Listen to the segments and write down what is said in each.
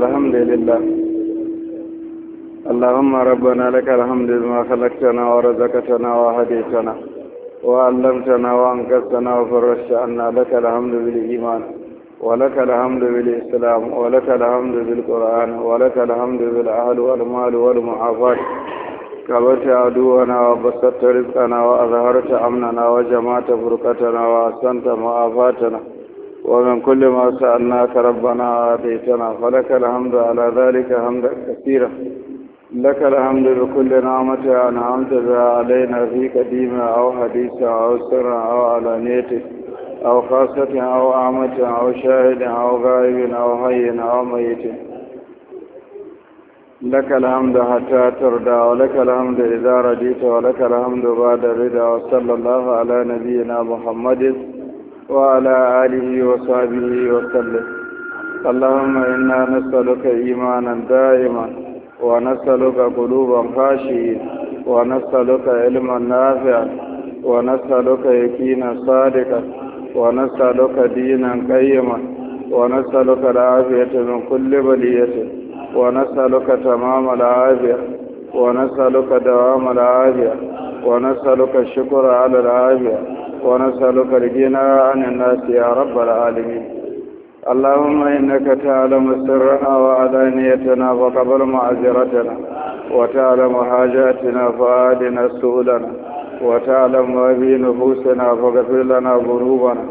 الحمد لله اللهم ربنا لك الحمد بما خلقتنا ورزقتنا وهديتنا وعلمتنا وانقذتنا وفرشت عنا لك الحمد بالايمان ولك الحمد بالاسلام ولك الحمد بالقران ولك الحمد بالاهل والمال والمعافاة كبرت عدونا وبسطت رزقنا واظهرت امننا وجمعت فرقتنا واحسنت معافاتنا ومن كل ما سألناك ربنا آتيتنا فلك الحمد على ذلك حمدا كثيرا لك الحمد بكل نعمة أنعمت بها علينا في قديم أو حديث أو سر أو علانية أو خاصة أو عامة أو شاهد أو غائب أو حي أو ميت لك الحمد حتى تردى ولك الحمد إذا رديت ولك الحمد بعد الرضا وصلى الله على نبينا محمد وعلى آله وصحبه وسلم اللهم إنا نسألك إيمانا دائما ونسألك قلوبا خاشئين ونسألك علما نافعا ونسألك يكينا صادقا ونسألك دينا قيما ونسألك العافية من كل بلية ونسألك تمام العافية ونسألك دوام العافية ونسألك الشكر على العافية ونسألك الجنى عن الناس يا رب العالمين اللهم إنك تعلم سرنا وعلانيتنا وقبل معذرتنا وتعلم حاجاتنا فآدنا سؤلنا وتعلم ما في نفوسنا فاغفر لنا ذنوبنا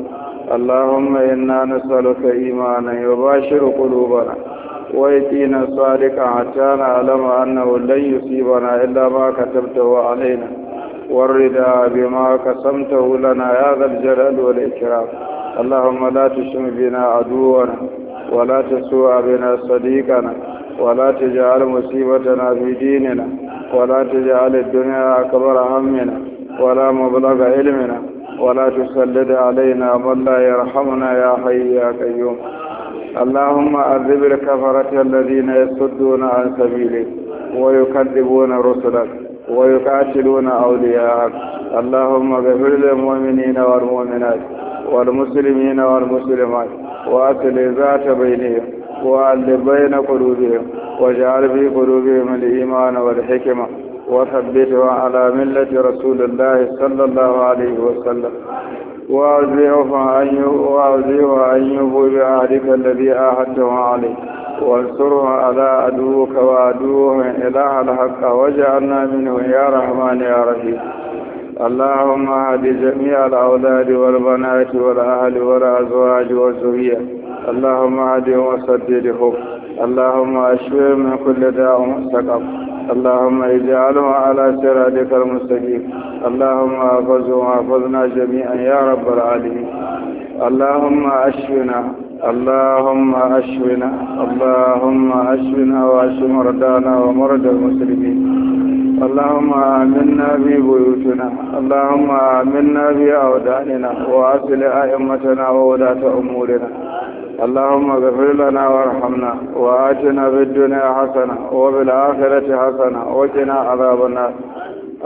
اللهم إنا نسألك إيمانا يباشر قلوبنا ويقينا صادقا حتى نعلم أنه لن يصيبنا إلا ما كتبته علينا والرضا بما قسمته لنا يا ذا الجلال والإكرام اللهم لا تشم بنا عدونا ولا تسوء بنا صديقنا ولا تجعل مصيبتنا في ديننا ولا تجعل الدنيا أكبر همنا ولا مبلغ علمنا ولا تسلد علينا من لا يرحمنا يا حي يا قيوم اللهم أذب الكفرة الذين يصدون عن سبيلك ويكذبون رسلك ويقاتلون أولياءك اللهم اغفر للمؤمنين والمؤمنات والمسلمين والمسلمات وأصل ذات بينهم وألف بين قلوبهم واجعل في قلوبهم الإيمان والحكمة وثبته على ملة رسول الله صلى الله عليه وسلم وأوزعه أن يبوء بعهدك الذي آهدته عليه وانصرهم على عدوك وعدوهم إله الحق واجعلنا منه يا رحمن يا رحيم اللهم هد جميع الأولاد والبنات والأهل والأزواج والزوية اللهم هدهم وسددهم اللهم أشفهم من كل داء مستقب اللهم اجعلهم على سرادك المستقيم اللهم أفزهم وأفزنا جميعا يا رب العالمين اللهم أشفنا اللهم أشفنا اللهم أشفنا وأشف مرضانا ومرضى المسلمين اللهم آمنا في بيوتنا اللهم آمنا في أوداننا وأصل أئمتنا وولاة أمورنا اللهم اغفر لنا وارحمنا وآتنا في الدنيا حسنة وفي الآخرة حسنة وقنا عذاب النار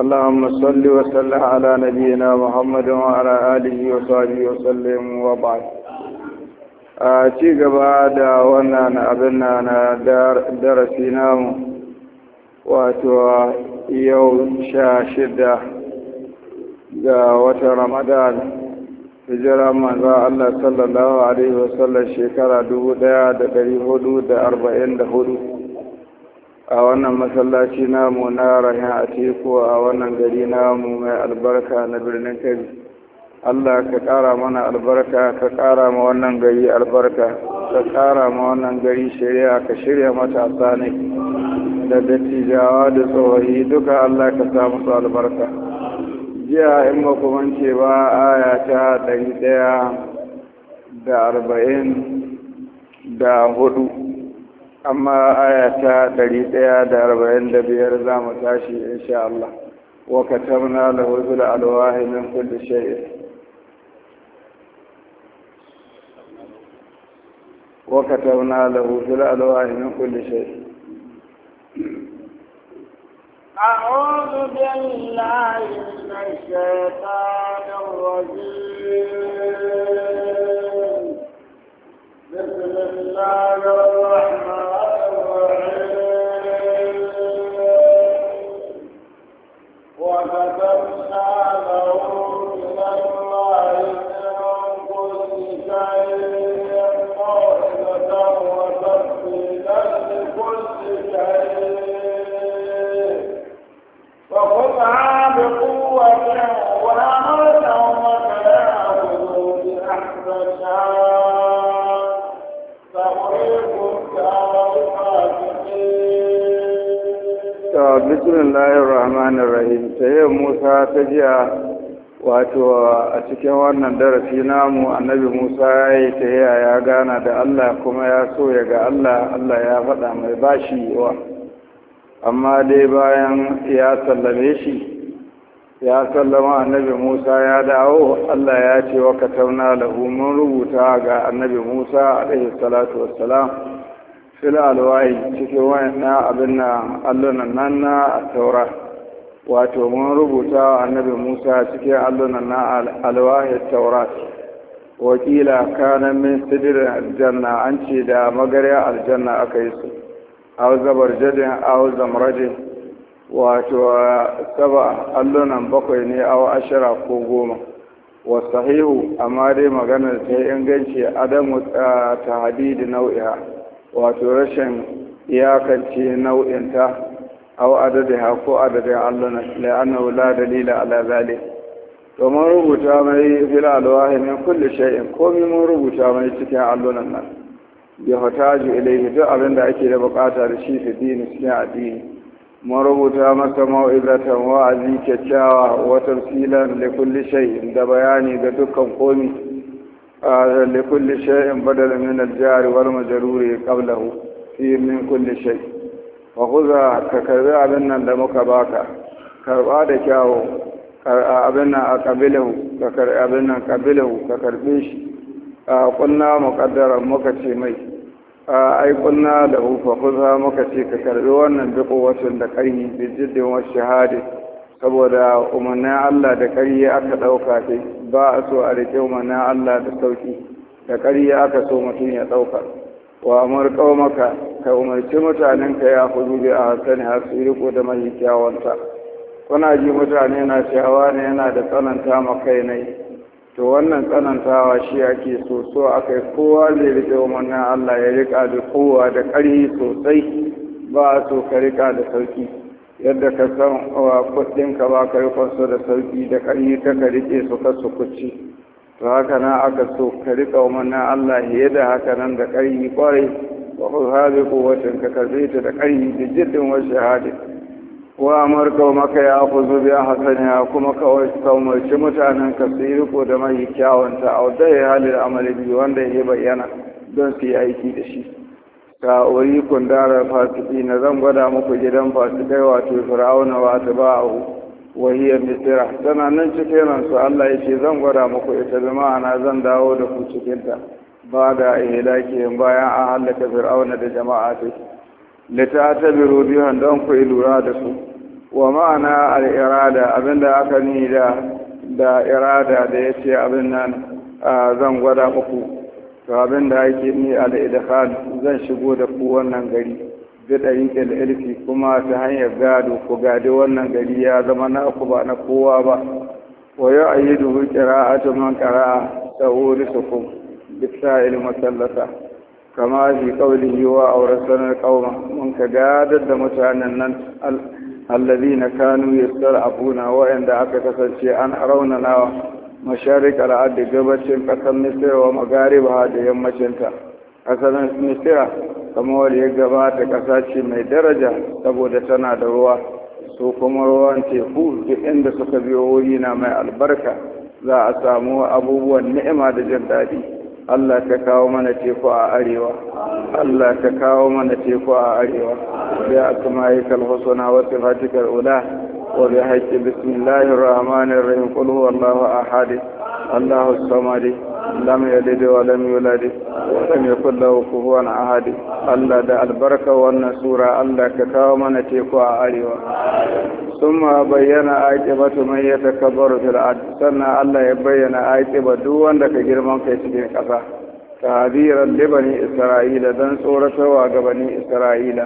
اللهم صل وسلم على نبينا محمد وعلى آله وصحبه وسلم وبعد a ci gaba da wannan abin na na darasi namu wato yau sha shida ga watan ramadan hijira manzo Allah sallallahu alaihi wasallam shekara dubu daya da da hudu arba'in hudu, a wannan masallaci namu na rahin a teku a wannan gari namu mai albarka na birnin kabi Allah ka ƙara mana albarka ka ƙara ma wannan gari albarka ka ƙara ma wannan gari shari'a ka shirya mata ne da dattijawa da tsohi duka Allah ka sa musu albarka jiya in ba ku mance ba aya ta ɗari ɗaya da arba'in da hudu amma aya ta ɗari ɗaya da arba'in da biyar za mu tashi insha Allah lahu zul alwahi min kulli shay'in وكتبنا له في الألواح من كل شيء أعوذ بالله من الشيطان الرجيم بسم الله الرحمن bismillahir rahmanir rahim sai musa ta jiya wato a cikin wannan darasi namu annabi musa ya ta ya gana da allah kuma ya so ya ga allah allah ya faɗa mai bashi yawa amma dai bayan ya sallame shi ya sallama annabi musa ya dawo allah ya ce wa katauna lahu mun rubuta ga annabi musa alaihi salatu wassalam fil alwai cikin wayan na abin na allunan nan na taura wato mun rubuta annabi musa cikin allunan na alwai taura wakila kanan min sidirin aljanna an ce da magarya aljanna aka yi su aw zabar jadin aw zamrajin wato saba allunan bakwai ne aw ashara ko goma wa sahihu amma dai maganar ta inganci adamu ta hadidi nau'iha wato rashin iyakance nau'inta aw adadiha ko adadin allana la'annahu wula dalila a zalik to mun rubuta mai fila alwahi min kulle shay'in komai mun rubuta mai cikin allunan nan ya hataju ilayhi duk abin da ake da bukata da shi fi dini cikin addini mun rubuta masa mau'izatan wa'azi kyakkyawa wa tafsilan li kulli shay'in da bayani ga dukkan komai لكل شيء بدل من الجار والمجرور قبله في من كل شيء وخذ ككذا أبنا دمك باكا كربا دكاو أبنا أقبله ككر أبنا قبله ككربيش قلنا مقدرا مكتي مي ai قلنا له فخذها مكتي muka ce ka karbi wannan bi saboda umarnin Allah da ƙarye aka ɗauka ce ba a so a riƙe umarnin Allah da sauƙi da ƙarye aka so mutum ya ɗauka wa amur maka ka umarci mutanen ka ya ku bi a Hassani har su riko da mai kyawanta kuna ji mutane na cewa ne yana da tsananta ma kai yi, to wannan tsanantawa shi ake so so akai kowa zai riƙe umarnin Allah ya rika da kowa da ƙarye sosai ba a so ka riƙa da sauƙi yadda ka san wa ka ba ka yi da sauki da ƙarni ka ka riƙe su ka su kuci to haka nan aka so ka riƙa umarnin Allah fiye da haka nan da ƙarni ƙwarai wa haɗe wacce ka karbe ta da da jiddin wa shahadi wa amarka maka ya ku zubi a ya kuma ka umarci mutanen ka su yi riko da mai kyawunta a wadda ya halin amalibi wanda ya bayyana don su yi aiki da shi. ta ori kundarar fasiki na zan gwada muku gidan fasikai wato fir'auna wa ba wa hiya misra tana nan cikin su Allah ce zan gwada muku ita da ma'ana zan dawo da ku cikin ta ba da ihlaki bayan an halaka fir'auna da jama'a ta litatabiru bihan don ku lura da su wa ma'ana al-irada abinda aka ni da da irada da yace abin nan zan gwada muku to abin da ake ni al-idkhal zan shigo da ku wannan gari bi dariqil ilfi kuma ta hanyar gado ku gade wannan gari ya zama na ku ba na kowa ba wa yu'ayyidu qira'atu man qara'a sawrisukum bisa'il musallata kama fi qawlihi wa awrasana qauma mun ka gadar da mutanen nan na kanu yastar'afuna abuna inda aka kasance an arauna nawa masharik al'ad da gabacin ƙasar misira wa magariba da yammacinta ƙasar misira kamar ya gabata ƙasa ce mai daraja saboda tana da ruwa su kuma ruwan teku duk inda suka biyo wuri na mai albarka za a samu abubuwan ni'ima da jin daɗi Allah ka kawo mana teku a arewa Allah ka kawo mana teku a arewa ya ula وبحق بسم الله الرحمن الرحيم قل هو الله أحد الله الصمد لم يلد ولم يولد ولم يكن له da albarka wannan sura Allah ka kawo mana teku a arewa sun ma bayyana aƙibatu mai ya takabbaru fil sannan Allah ya bayyana aƙiba duk wanda ka girman kai cikin ƙasa tahadiran Libanin, isra'ila don tsoratarwa ga bani isra'ila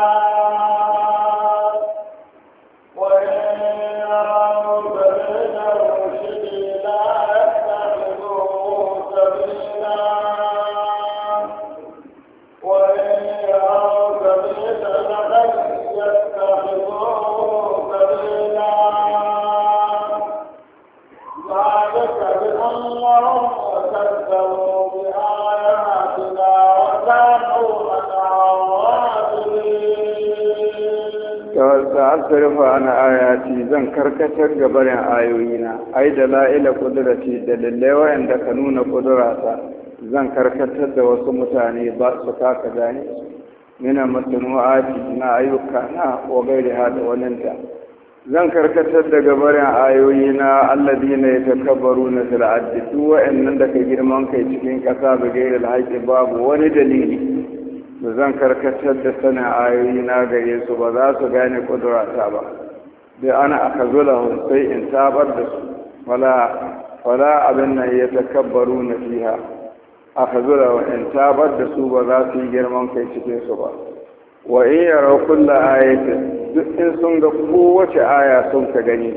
asrifa ana ayati zan karkatar ga barin ayoyina ai da la'ila kudrati da lalle wayanda ka nuna kudrata zan karkatar da wasu mutane ba su kaka gane mina aji na ayyuka na wa gairi hada zan karkatar da gabarin ayoyina alladina yatakabbaruna na ardi duk wa'annan da ka girman kai cikin ƙasa bi gairi al babu wani dalili zan karkatar da sanin ayoyi na gare su ba za su gane kudurata ba da ana aka zula sai in tabar da su wala abin nan ya takabbaru na fiha aka zula in tabar da su ba za su yi girman kai cikin su ba wa in yara kulla ayatin duk in sun ga kowace aya sun ka gani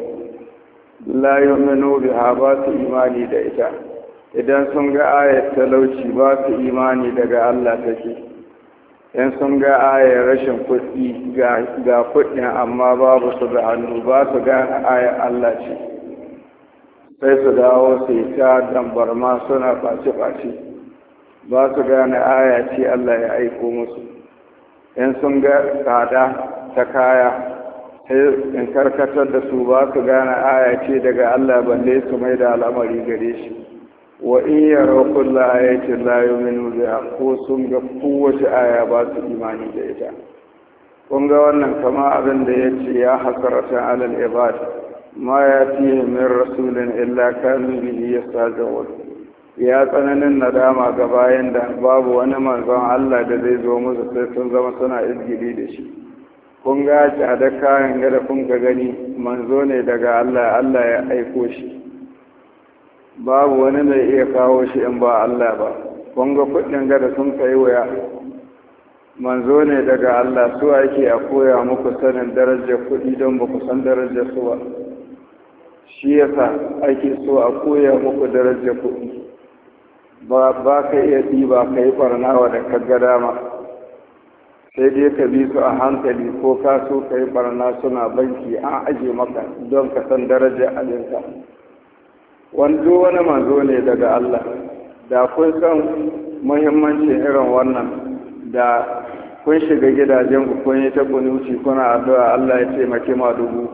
la yu'minu biha ba su imani da ita idan sun ga ayat talauci ba su imani daga Allah take in sun ga ayar rashin kuɗi ga kuɗin amma babu su da hannu ba su gane ayar Allah ce sai su dawo su yi ta ma suna ɓace-ɓace ba su gane aya ce Allah ya aiko musu in sun ga tsada ta kaya sai in karkatar da su ba su gane aya ce daga Allah balle su mai da al'amari gare shi wa in yara kullu ayatin la yu'minu biha ko sun ga kowace aya ba su imani da ita kun ga wannan kama abin da ya ce ya hasarata alal ibad ma ya fiye min rasulin illa kanu bihi yastazawun ya tsananin nadama ga bayan da babu wani manzon Allah da zai zo musu sai sun zama suna izgili da shi kun ga da kayan gada kun gani manzo ne daga Allah Allah ya aiko shi babu wani mai iya kawo shi in ba Allah ba kun ga kuɗin gada sun kai wuya manzo ne daga Allah su ake a koya muku sanin darajar kuɗi don ba ku san darajar su ba shi yasa ake so a koya muku darajar kuɗi ba ba ka iya ɗiba ka yi ɓarnawa da ka ga dama sai dai ka bi su a hankali ko ka so ka yi suna banki an aje maka don ka san darajar abinka wanda wani manzo ne daga Allah da kun san muhimmancin irin wannan da kun shiga gidajen ku kun yi ta wuce kuna addu'a Allah ya taimake ma dubu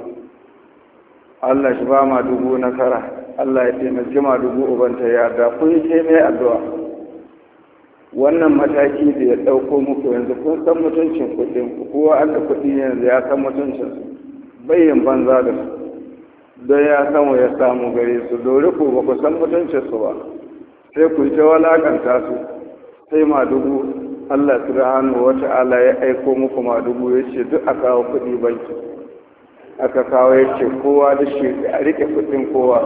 Allah shi ba ma dubu nasara Allah ya taimake ma dubu ubanta ya da kun yi mai addu'a wannan mataki da ya dauko muku yanzu kun san mutuncin kuɗin ku kowa Allah da kuɗi yanzu ya san mutuncin bayyan banza da su don ya samu ya samu gare su dori ku ba ku san su ba sai ku ta walakanta su sai ma dubu Allah subhanahu wa ta'ala ya aiko muku dubu, ya ce duk a kawo kuɗi banki aka kawo ya ce kowa da shi a rike kuɗin kowa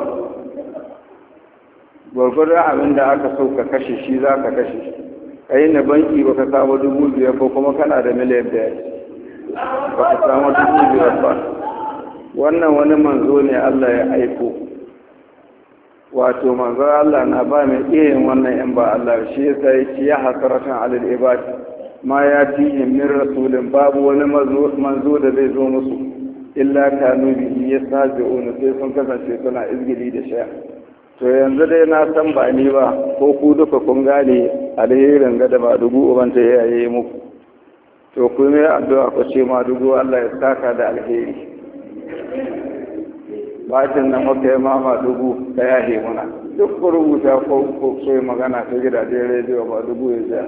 gwargwaron abin da aka so ka kashe shi za ka kashe a yi na banki ba ka samu dubu biyar ba kuma kana da miliyan biyar ba ka samu dubu biyar ba wannan wani manzo ne Allah ya aiko wato manzo Allah na ba mai irin wannan in ba Allah shi yasa yake ya hasaratan alal ibad ma ya tihi min rasulin babu wani manzo da zai zo musu illa kanu bihi yasabi'una sai sun kasance suna izgili da shaya to yanzu dai na san ba ni ba ko ku duka kun gane alherin ga da ba dubu uban ta yaye muku to ku mai addu'a ku ce ma dubu Allah ya saka da alheri bacin nan muka yi mama dubu ta yahe muna duk ku rubuta ko ku magana ta gidajen rediyo ba dubu ya ja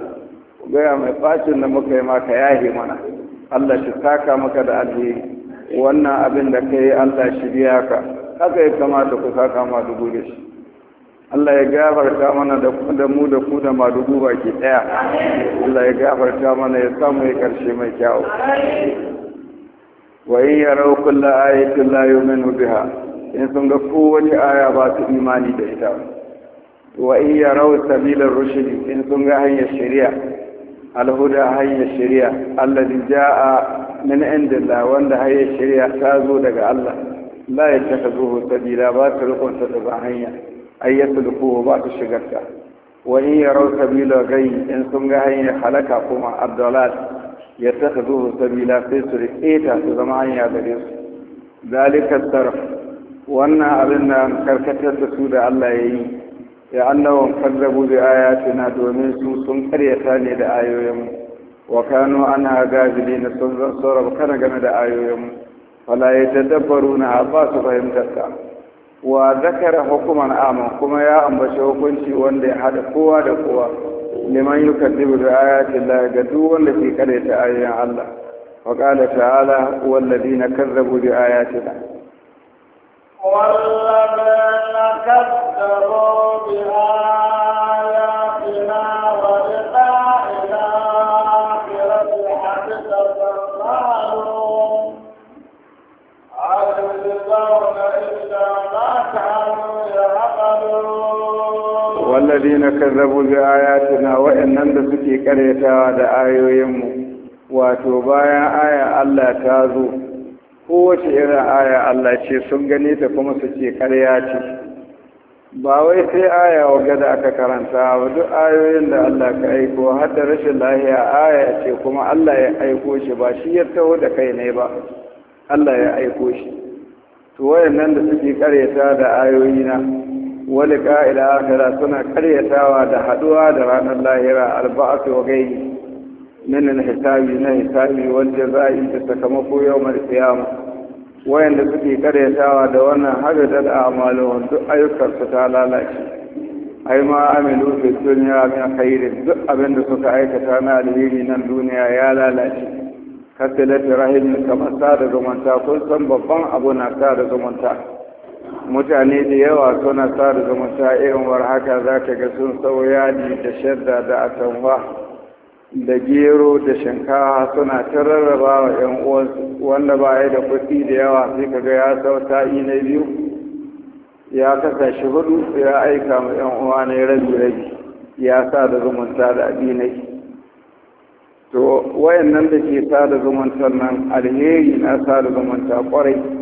gaya mai bacin da muka yi ma ka yahe mana Allah shi taka maka da alheri wannan abin da ka yi Allah shi biya ka haka ya kamata ku saka ma dubu da shi Allah ya gafarta mana da mu da ku da madugu baki daya Allah ya gafarta mana ya samu ya karshe mai kyau wa in yarau kullu ayatin la yu'minu biha in sun ga kowace aya ba su imani da ita wa in yarau sabilar rushdi in sun ga hanyar shari'a alhuda hanyar shari'a alladhi jaa min indillah wanda hanyar shari'a ta zo daga Allah la yattakhidhuhu sabila ba ta rikon ta da hanya ayyatu lukuhu ba ta shigarta wa in yarau sabilar ghayy in sun ga hanyar halaka kuma abdalal ya saka zuwa sabila sai su riƙeta su zama hanya gare su zalikar sarf wannan abin da karkatar da su da Allah ya yi ya annawan kazzabu bi ayatina domin su sun karyata ne da ayoyin wa ana gazili na sun kana game da ayoyinmu wala ya tadabbaru na ba su fahimtar ta wa zakara hukuman aman kuma ya ambaci hukunci wanda ya hada kowa da kowa liman yukaddibu bi ayati Allah ga duk wanda ke ta ayoyin Allah wa qala ta'ala walladina kazzabu bi ayatina والذين كذبوا بآياتنا allazina kazzabu bi ayatina wa'annan da suke karyatawa da ayoyinmu wato bayan aya Allah ta zo kowace irin aya Allah ce sun gane ta kuma su ce karya ce ba wai sai aya wa da aka karanta ba duk ayoyin da Allah ka aiko har da rashin lahiya aya ce kuma Allah ya aiko shi ba shi ya taho da kai ne ba Allah ya aiko shi to wayannan da suke karyata da ayoyina wani ka'ida akira suna karyatawa da haduwa da ranar lahira alba'atu wa gai. min alhisabi na hisabi wal jaza'i da sakamako yawmal qiyama wayanda suke karyatawa da wannan habitat a'maluhum duk ayyukan su ta lalace ai ma amilu fi dunya min khairin duk abin da suka aikata na alheri nan duniya ya lalace kasalatu rahim kamar sada zumunta kun san babban abu na sada zumunta mutane da yawa suna sa da zumunta irin war haka za ka ga sun sauya ne da shadda da atamwa da gero da shinkawa suna ta rarraba wa ‘yan uwansu wanda ba ya da kuɗi da yawa sai ka ga ya sau ta'i na biyu ya kasa shi hudu ya aika ma ‘yan uwa na rabi rabi ya sa da zumunta da abinai to wayannan da ke sa da zumuntar nan alheri na sa da zumunta kwarai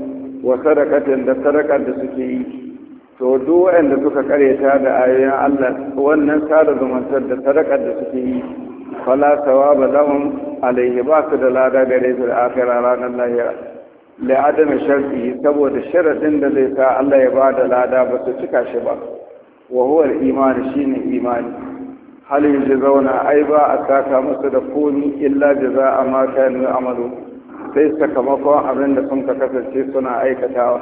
wa sadakatin da sadakar da suke yi to duk waɗanda suka karyata da ayoyin Allah wannan sada zumuntar da sadakar da suke yi fala sawaba lahum alayhi ba su da lada gare su da akhira ranar lahira la adam sharti saboda sharadin da zai sa Allah ya bada lada ba su cika shi ba wa huwa al-iman shine imani hal yajzauna ai ba a saka musu da komi illa jazaa ma kanu amalu sai sakamakon abin da sun ka kasance suna aikatawa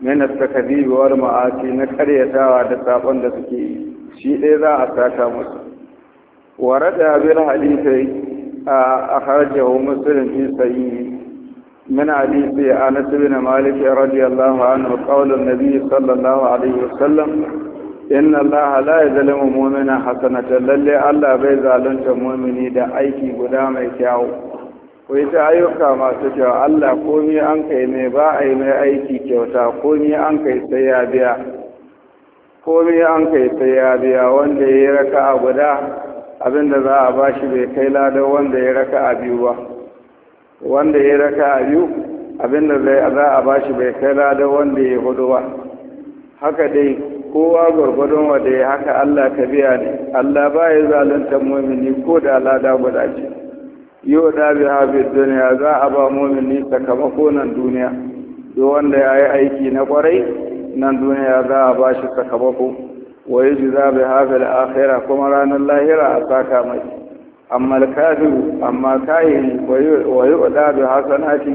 mina takadibi wal ma'ati na karyatawa da sabon da suke yi shi ɗaya za a saka musu da abin hadithai a akhrajahu muslim fi sahihi من حديث أنس بن مالك رضي الله عنه قول النبي صلى الله عليه وسلم إن الله لا يظلم مؤمنا Allah bai zalunta بيزالنت da aiki guda mai أيكي ku yi ta ayyuka masu kyau Allah komi an kai mai ba a yi mai aiki kyauta komi an kai sai ya biya komi an kai sai ya biya wanda ya yi raka a guda abinda za a ba shi bai kai ladan wanda ya raka a biyu ba wanda ya raka a biyu abinda za a ba shi bai kai ladan wanda ya hudu ba haka dai kowa gwargwadon da ya haka Allah ka biya ne Allah ba ya zalunta mumini ko da lada guda ce yau da bi hafi duniya za a ba mumini sakamako nan duniya duk wanda ya yi aiki na kwarai nan duniya za a ba shi sakamako wa yi ji za bi hafi al'akhira kuma ranar lahira a saka mai amma kafi amma kayi wa yi da bi hasanati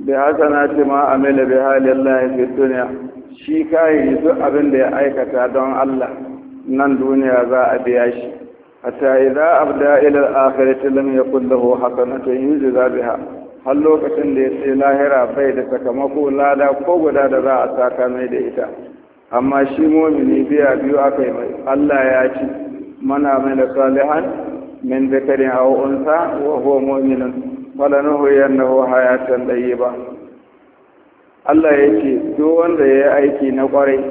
bi hasanati ma amila bi halin lahi fi duniya shi kayin duk abin da ya aikata don Allah nan duniya za a biya shi hatta idza abda ila al-akhirati lam yakul lahu hasanatun yujza biha har lokacin da ya ce lahira bai da sakamako lada ko guda da za a saka mai da ita amma shi mumini biya biyu aka yi mai Allah ya ci mana mai da salihan min zakarin aw unsa wa huwa mu'minun falanuhu yannahu hayatan tayyiba Allah ya ce duk wanda ya yi aiki na kwarai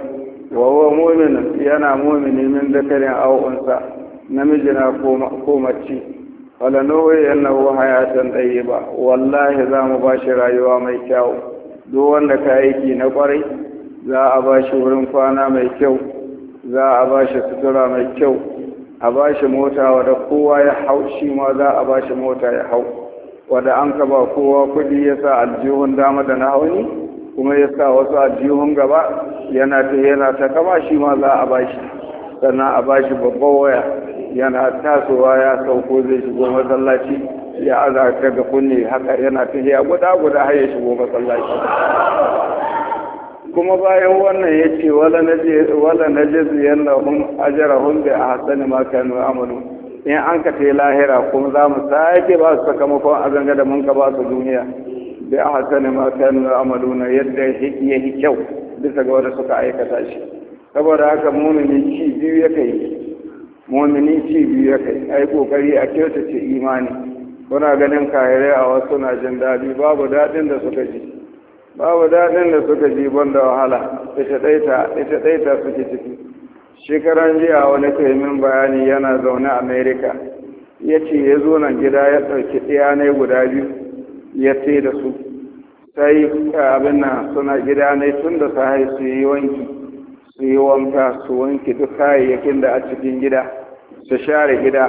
wa huwa yana mumini min zakarin aw unsa namiji na namijina ko mace falanowai yannahu hayatan ba. wallahi za mu ba rayuwa mai kyau duk wanda ka aiki na kwarai za a ba shi wurin kwana mai kyau za a ba shi sutura mai kyau a ba shi mota wadda kowa ya hau shi ma za a ba shi mota ya hau wadda an ka kowa kudi ya sa aljihun dama da na hauni kuma ya sa wasu aljihun gaba yana ta yana ta kama shi ma za a ba shi sannan a bashi babban waya yana tasowa ya sauko zai shigo masallaci ya aza ta ga kunne haka yana tafiya guda guda har ya shigo masallaci kuma bayan wannan ya ce wala na jizu yana hun ajara hun da a hasani ma kanu amalu in an ka ta lahira kuma za mu sake ba su sakamakon azanga da mun ka ba su duniya da a hasani ma kanu amalu na yadda ya yi kyau bisa ga wanda suka aikata shi saboda haka mumini ci biyu ya kai mumini ci biyu ya kai ai kokari a ce imani kuna ganin kayare a wasu na jin daɗi babu daɗin da suka ji babu daɗin da suka ji ban da wahala ita ɗaita suke ciki shekaran jiya wani min bayani yana zaune amerika ya ce ya zo nan gida ya ɗauki ɗiyanai guda biyu ya ce da su sai abin nan suna gida ne tun da su su yi wanki su yi wanka su wanke duk kayayyakin da a cikin gida su share gida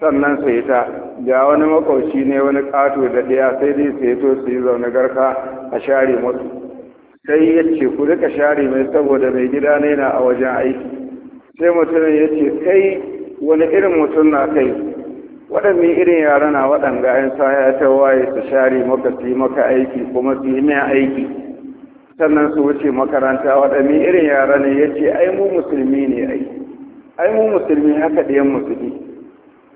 sannan su yi ta ga wani makwauci ne wani kato da ɗaya sai dai su yi to su yi zaune garka a share musu sai ya ce ku duka share mai saboda mai gida ne na a wajen aiki sai mutumin ya ce kai wani irin mutum na kai waɗannan irin yara na waɗanda 'yan sa ya ta waye su share maka su yi maka aiki kuma su yi mai aiki sannan su wuce makaranta waɗanne irin yara ne ya ce ai mu musulmi ne ai ai mu musulmi haka yan musulmi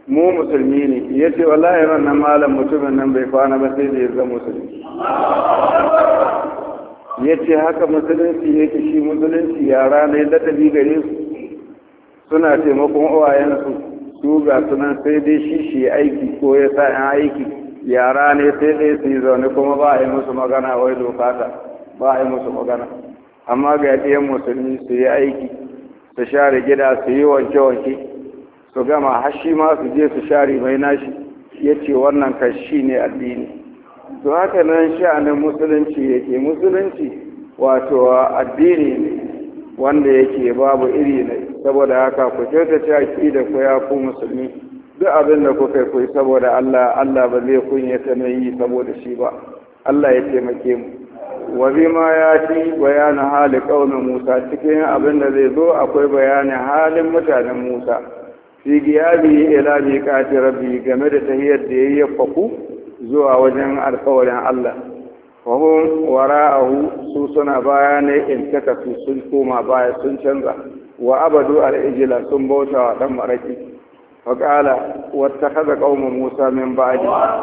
mu musulmi ne ya ce wallahi ran nan malam mutumin nan bai kwana ba sai da ya zama musulmi ya ce haka musulunci ke shi musulunci yara ne ladabi gare su suna taimakon uwayensu su ga sunan sai dai shi shi aiki ko ya sa aiki yara ne sai dai su yi zaune kuma ba a yi musu magana wai doka ta ba a yi musu magana amma ga ɗayan musulmi su yi aiki su share gida su yi wanke-wanke su gama har shi ma su je su share mai nashi ya ce wannan kan shi ne addini to haka nan sha'anin musulunci yake musulunci wato addini ne wanda yake babu iri ne saboda haka ku kyautata da ku ya ku musulmi duk abin da kuka yi saboda Allah Allah ba zai kunyata na yi saboda shi ba Allah ya taimake mu wa bima ya ci bayanin hali ƙaunar musa cikin abin da zai zo akwai bayanin halin mutanen musa fi giyabi ila miqati rabbi game da tahiyar da yayi faku zuwa wajen alkawarin Allah wa hum wara'ahu su suna baya in taka su sun koma baya sun canza wa abadu al-ijla sun bauta wa dan maraki wa qala wattakhadha qaumu musa min ba'di wa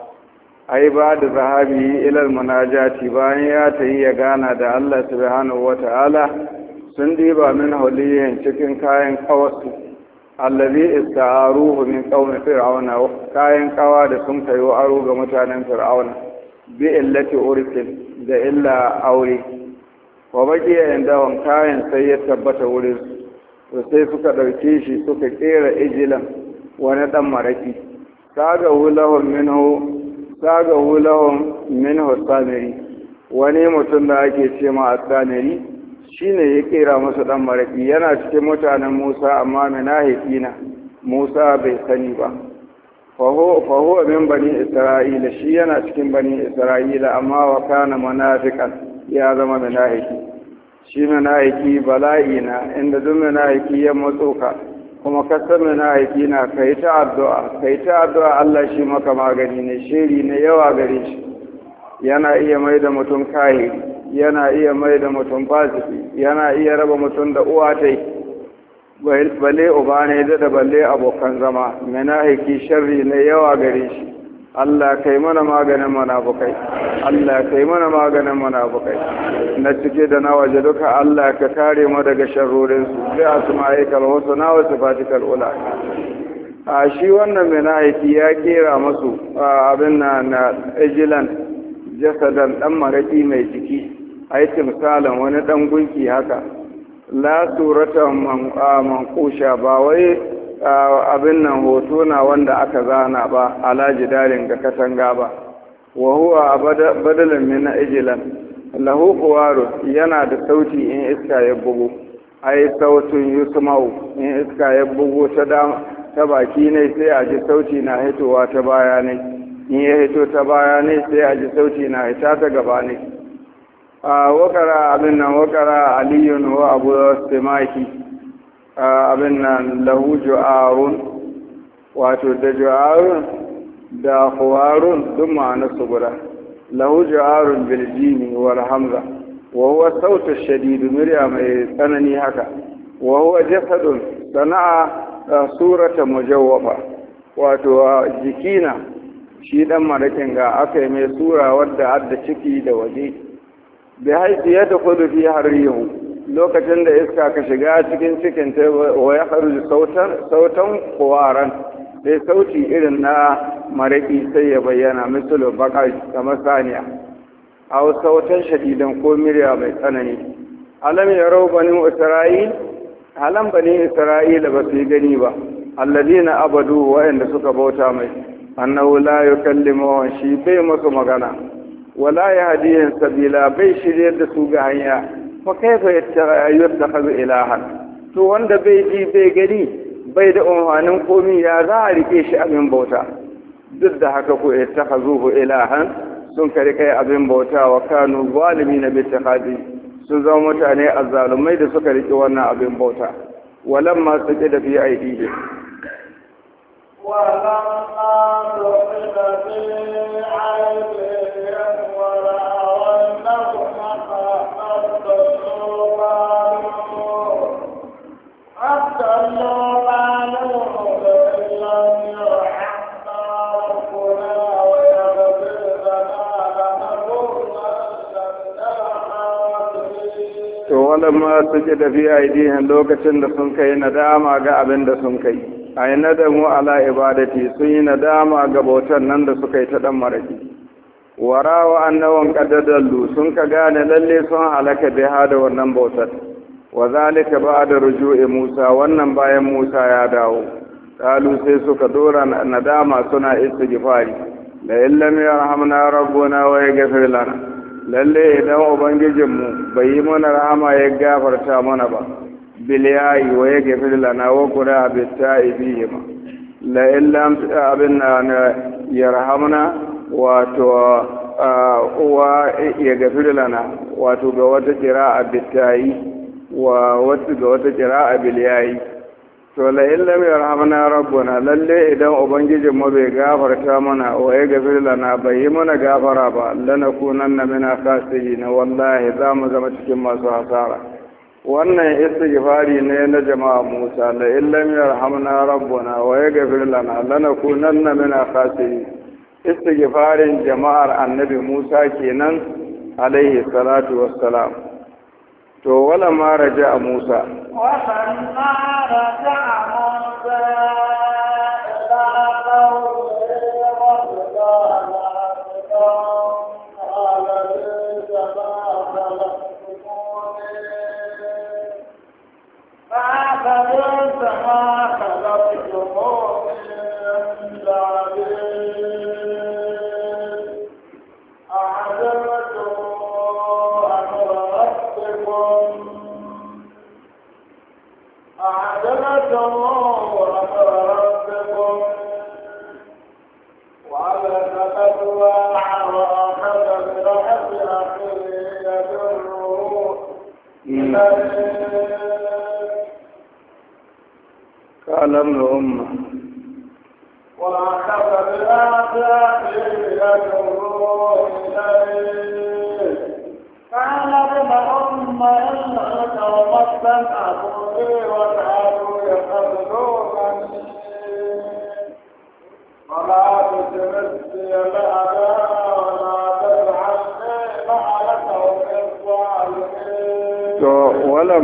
ai ba da zahabi ilal munajati bayan ya yi ya gana da Allah subhanahu ta'ala. sun diba min huliyin cikin kayan kawasu allazi ista'aruhu min qawmi fir'auna kayan kawa da sun kayo aro ga mutanen fir'auna bi illati urfin da illa aure wa inda wan kayan sai ya tabbata wurin to sai suka dauke shi suka kera ijilan wani dan maraki kaga hulahum minhu saga hulahun min hussamiri wani mutum da ake ce ma assamiri shi ne ya kera masa dan maraƙi yana cikin mutanen musa amma mai na musa bai sani ba faho min bani isra'ila shi yana cikin bani isra'ila amma wa kana munafiqan ya zama na minahiki shi na bala'i bala'ina inda duk haifi ya matsoka kuma ka sami na aiki na ka yi ta addu'a ka yi ta addu'a Allah shi maka magani ne shiri na yawa gare shi yana iya mai da mutum kayi yana iya mai da mutum fasiki yana iya raba mutum da uwa ta yi balle uba ne da balle abokan zama na aiki sharri na yawa gare shi Allah kai mana maganin manabukai. Allah kai mana maganin munafukai na cike da na waje duka Allah ka kare mu daga sharrorin su bi wasu husna wa Fatikal ula a shi wannan mai minahiki ya kera musu abin na na ejilan jasadan dan maraki mai jiki ai misalan wani dan gunki haka la suratan kusha ba wai abin nan hoto na wanda aka zana ba alaji darin ga katanga ba wa huwa badalin min ijilan lahu qawaru yana da sauti in iska ya bugu ai sautun yusma'u in iska ya bugu ta baki ne sai a ji sauti na hitowa ta baya ne in ya hito ta baya ne sai a ji sauti na hita ta gaba ne a wakara abin nan wakara aliyun wa abu simaki abin nan lahu ju'arun wato da ju'arun da huwarun duk ma'anarsu guda lahu ja'arun biljini wal hamza wa huwa sautu shadidu murya mai tsanani haka wa huwa jasadun sana'a surata mujawwafa wato jikina shi dan marakin ga aka yi mai sura wadda adda ciki da waje bi haifi ya tafi fi harrihu lokacin da iska ka shiga cikin cikin ta wa ya sautan sautan kowaran sai sauti irin na maraƙi sai ya bayyana misalu baka kamar saniya a sautan shadidan ko murya mai tsanani alam ya rau banin isra'il alam banin isra'ila ba su gani ba alladina abadu wa'anda suka bauta mai annahu la yukallimuhum shi bai musu magana wala hadiyan sabila bai shirye da su ga hanya fa kaifa yattakhadhu ilahan to wanda bai ji bai gani bai da umarnin komi ya za a rike shi abin bauta duk da haka ko ya taka zuhu ilahan sun kari kai abin bauta wa kanu zalimi na bi sun zama mutane a zalumai da suka rike wannan abin bauta walan masu suke da fi a yi دخل في falamma suke fi aidihim lokacin da sun kai nadama ga abin da sun kai A ay nadamu ala ibadati sun yi nadama ga bautan nan da suka yi ta dan maraki warawa annawan qaddadallu sun ka gane lalle sun halaka biha da wannan bautar wa zalika ba'da ruju'i Musa wannan bayan Musa ya dawo kalu sai suka dora nadama suna istighfari la illam yarhamna rabbuna wa yaghfir lana lalle idan ubangijinmu bai yi mana rahama ya gafarta mana ba biliyayi wa ya gafi lana wa kuna abita ibihi ma la illam abin na yarhamna wato uwa ya da lana wato ga wata kira abita yi wa wata ga wata kira abiliyayi to la in lam yarhamna rabbuna lalle idan ubangijin mu bai gafarta mana wa ya gafir lana bai yi mana gafara ba Lana mina kasiri na. wallahi za mu zama cikin masu hasara wannan istighfari ne na jama'a Musa la illam yarhamna rabbuna wa gafir lana Lana na mina kasiri istighfarin jama'ar annabi Musa kenan alaihi salatu wassalam to wala ma raja a Musa ما خلقتم من قال ابن أمة وأخذ بالأعداء يدعو إليه قال ابن أمة إنك ومسك أبوي وتعالوا يقتلونني ولا تتمس بأعداء ولا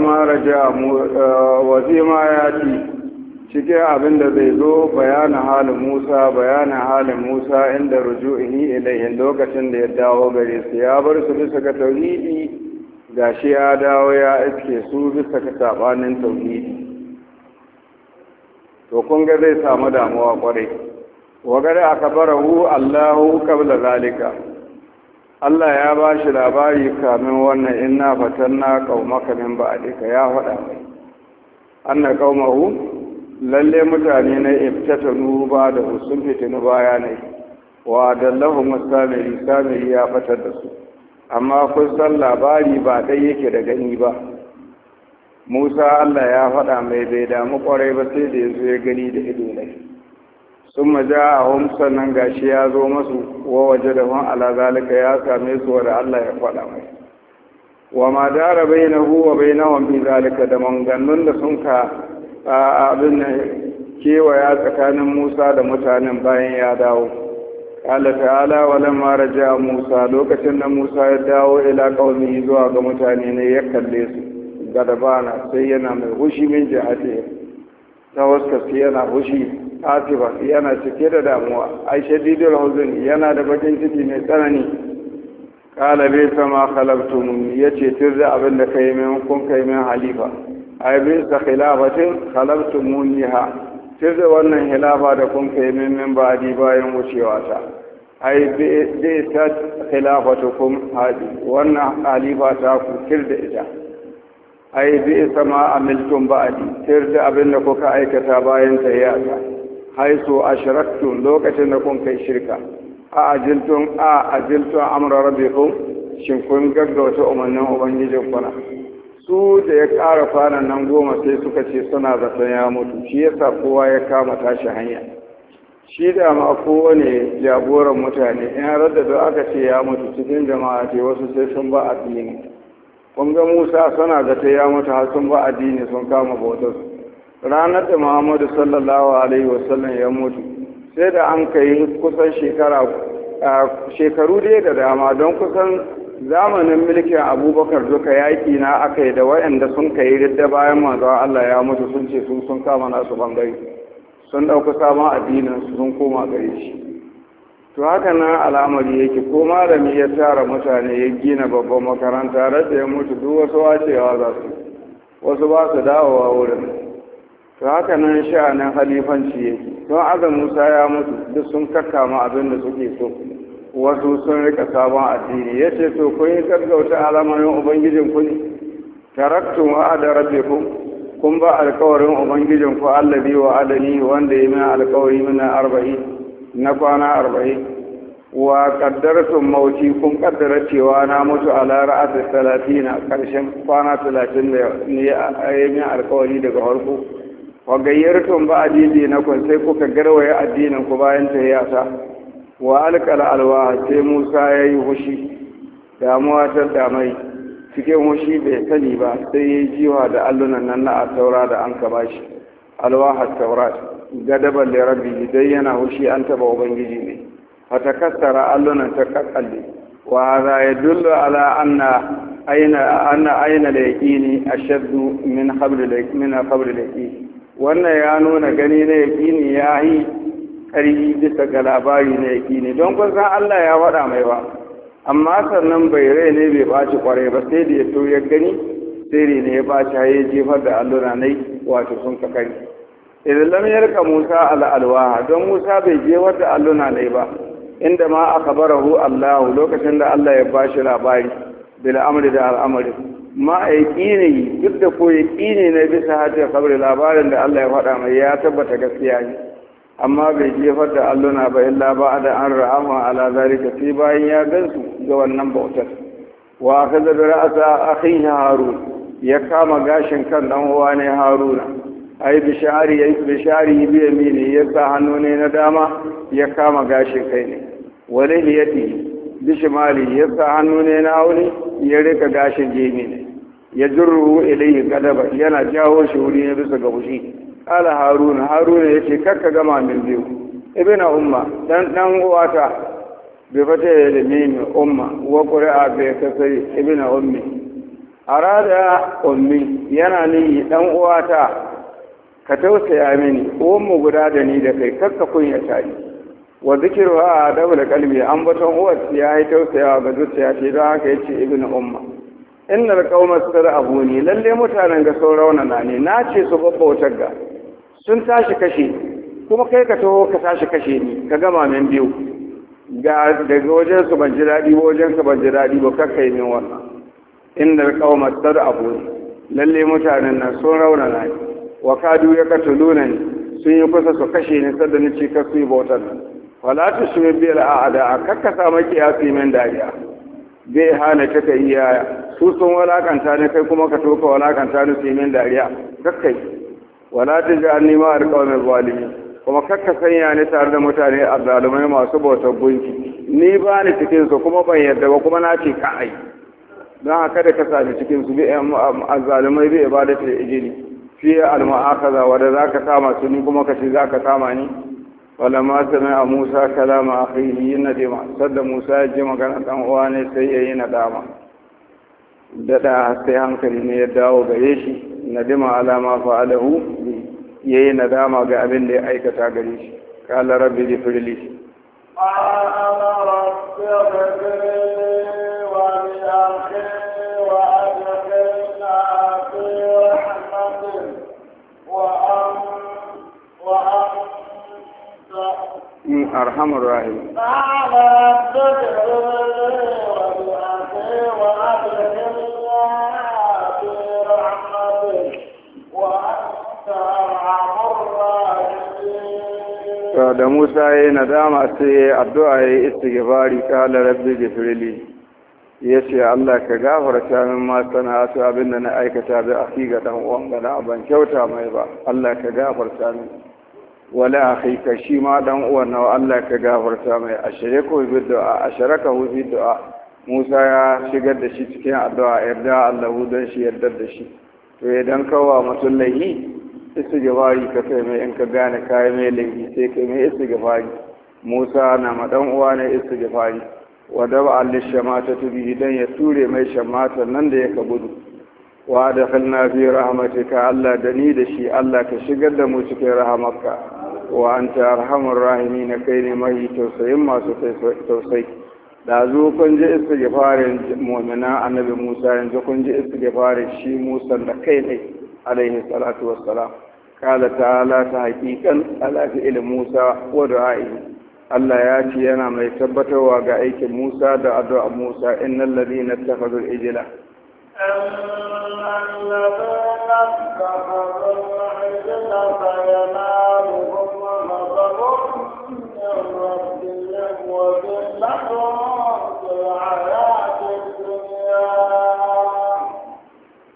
eh, cike abin da zai zo bayanin halin Musa bayanin halin Musa inda ruju'ihi ilayhin lokacin da ya dawo gare su ya bar su bisa ga tauhidi gashi ya dawo ya iske su bisa ga sabanin tauhidi to kun ga zai samu damuwa kwarai wa gada akbarahu Allahu qabla zalika Allah ya ba shi labari kamin wannan inna fatanna qaumaka min ba'dika ya faɗa mai anna qaumahu lalle mutane ne ibtatanu ba da sun fitinu baya ne wa dallahu mustamiri samiri ya fata da su amma kun san labari ba dai yake da gani ba Musa Allah ya faɗa mai bai damu kwarai ba sai da yanzu ya gani da ido ne. sun maja a homsan nan gashi ya zo masu wa waje da hon ala zalika ya same su wa da Allah ya faɗa mai wa ma dara bai na huwa bai na wani zalika da manganun da sun ka abin da kewaya tsakanin musa da mutanen bayan ya dawo Allah ta'ala wa lamma raja Musa lokacin da Musa ya dawo ila qaumi zuwa ga mutane ne ya kalle su gadabana sai yana mai hushi min jihati ta wasu yana hushi asifa yana cike da damuwa ai shadidul huzun yana da bakin ciki mai tsanani kala bai sama khalaqtum yace tirda abin da kai mai kun kai min halifa ai bai sa khilafatin khalaqtumuniha tirda wannan hilafa da kun kai min min ba'di bayan wucewa ta ai bai sa khilafatukum hadi wannan halifa ta ku tirda ita ai bi sama amiltum ba'di tir da abin da kuka aikata bayan tayyata haisu ashraktum lokacin da kun kai shirka a ajiltun a ajiltum amra rabbikum shin kun gaggauta umarnin ubangijin kuna su da ya ƙara kwanan nan goma sai suka ce suna zaton ya mutu shi yasa kowa ya kama tashi hanya shi da ma kowane jagoran mutane in radda da aka ce ya mutu cikin jama'a ce wasu sai sun ba addini kun ga musa suna zata ya mutu har sun ba addini sun kama bautar ranar da muhammadu sallallahu alaihi wasallam ya mutu sai da an kai kusan shekaru dai da dama don kusan zamanin mulkin abubakar duka yaƙi na aka yi da waɗanda sun kai ridda bayan manzon allah ya mutu sun ce sun sun kama nasu bangare sun ɗauki sabon addinin sun koma gare shi to haka nan al'amari yake ko malami ya tara mutane ya gina babban makaranta rasa ya mutu duk wasu wacewa za su wasu ba su dawowa wurin to haka nan sha'anin halifanci yake don aza musa ya mutu duk sun kakkama abin da suke so wasu sun rika sabon addini ya ce to kun yi gaggauta alamarin ubangijin ku ne taraktun wa'ada rabbikum kun ba alkawarin ubangijin ku allabi wa adani wanda ya min alkawari mina arba'in na kwana arba'in wa kaddartum mauti kun kaddara cewa na mutu a lara'at talatin karshen kwana talatin da ya yi min alkawari daga farko wa gayyartum ba kun sai kuka garwaye addinin ku bayan tayyata wa alqal alwa sai Musa yayi hushi damuwa ta damai cikin hushi bai sani ba sai yayi jiwa da allunan nan na saura da an ka bashi alwa hat taurat gadaban da rabbi dai yana hushi an taba ubangiji ne takassara allunan ta kakkalle wa ya yadullu ala anna aina anna aina laqini ashaddu min qabl min qabl laqini wannan ya nuna gani na yaƙini ya yi ƙarfi bisa ga labari na yaƙini don kun Allah ya faɗa mai ba amma sannan bai rai ne bai ɓaci ƙwarai ba sai da ya to ya gani sai da ne ya ɓaci ya jefar da allura nai wato sun ka kari idan lam yarka Musa al'alwaha don Musa bai jefar da alluna nai ba inda ma aka barahu Allahu lokacin da Allah ya bashi labari bil amri da al'amari ma duk da ko ƙine na bisa hajjar kabari labarin da Allah ya faɗa mai ya tabbata gaskiya ne amma bai jefar da alluna ba illa ba da an ra'ama ala zalika sai bayan ya gansu ga wannan bautar wa da ra'asa a akhihi Haruna ya kama gashin kan dan uwa ne haruna ai Bishari ya bi biya mini ya sa hannu ne na dama ya kama gashin kai ne Wani liyati bishimali ya sa hannu ne na auni ya rika gashin jini ne ya jirru ilayhi kadaba yana jawo shi wuri ne bisa ga fushi qala haruna haruna yace karka gama min biyu ibna umma dan dan uwata bi fata da mimi umma wa qura'a bi kasri ibna ummi arada ummi yana ni dan uwata ka tausaya mini ummu guda da ni da kai karka kunya tari ni wa zikruha a da kalbi an baton uwar ya yi tausayawa ga zuciya ce don haka yace ibina umma inna qauma sarabuni lalle mutanen ga sun raunana ne na ce su babbautar ga sun tashi kashe kuma kai ka taho ka tashi kashe ni ka gama min biyu ga daga wajen su ban ji daɗi ba wajen su ban ji daɗi ba kakka yi min wannan inna qauma sarabuni lalle mutanen nan sun raunana ne wa kadu ya katuluna ne sun yi kusa su kashe ni sadda ni ce kasu yi bautar nan wala tushmi bil a'ada kakka sa maki yasi min dariya zai hana ta ka iya su sun walakanta ne kai kuma ka toka walakanta ne su yi min dariya kakkai wala ta ji an nima a rikawa mai zalimi kuma kakka sanya ni tare da mutane a zalumai masu bautar gunki ni ba ni cikin kuma ban yarda ba kuma na ce ka ai don haka da ka sami cikin su a zalumai bai ba da ijili fiye al-ma'akaza wadda za ka sama su ni kuma ka ce za ka sama ni ولما سمع موسى كلام أخيه يندم صد موسى جمع كانت أنواني سيئي نداما ددا sai hankali ne ya dawo gare shi nadima alama fa'alahu yayi nadama ga abin da ya aikata gare shi qala rabbi ghfirli qala rabbi ghfirli wa li akhi wa adkhilna fi rahmatik أنتم أرحم الراحمين da Musa ya yi nadama sai ya yi addu'a ya yi istighfari kala rabbi firili ya ce Allah ka gafarta min ma tana abin da na aikata bi fi ga ɗan’uwan uwan ban kyauta mai ba Allah ka gafarta min wala akhika shi ma dan uwan nawa Allah ka gafarta mai asharaka bi du'a asharaka bi du'a Musa ya shigar da shi cikin addu'a yarda Allah don shi yarda da shi to idan kawa mutum laihi istighfari ka kai mai in ka gane kai mai laihi sai kai mai istighfari Musa na ma dan uwa ne istighfari wa ba al-shamata bi dan ya ture mai shamata nan da ya gudu wa da fi rahmatika Allah dani da shi Allah ka shigar da mu cikin rahamarka wa an ta arhamar rahimi na kai ne mahi tausayin masu tausai da zo kun ji istighfarin mu'mina annabi Musa yanzu kun ji istighfarin shi Musa da kai ne alaihi salatu wassalam kala ta'ala ta hakikan ala fi'il Musa wa du'a'ihi Allah ya ce yana mai tabbatarwa ga aikin Musa da addu'ar Musa innal ladina ittakhadhu al-ijla أما الذين اتخذوا العجل فينالهم غضب من ربهم وذلة في الحياة الدنيا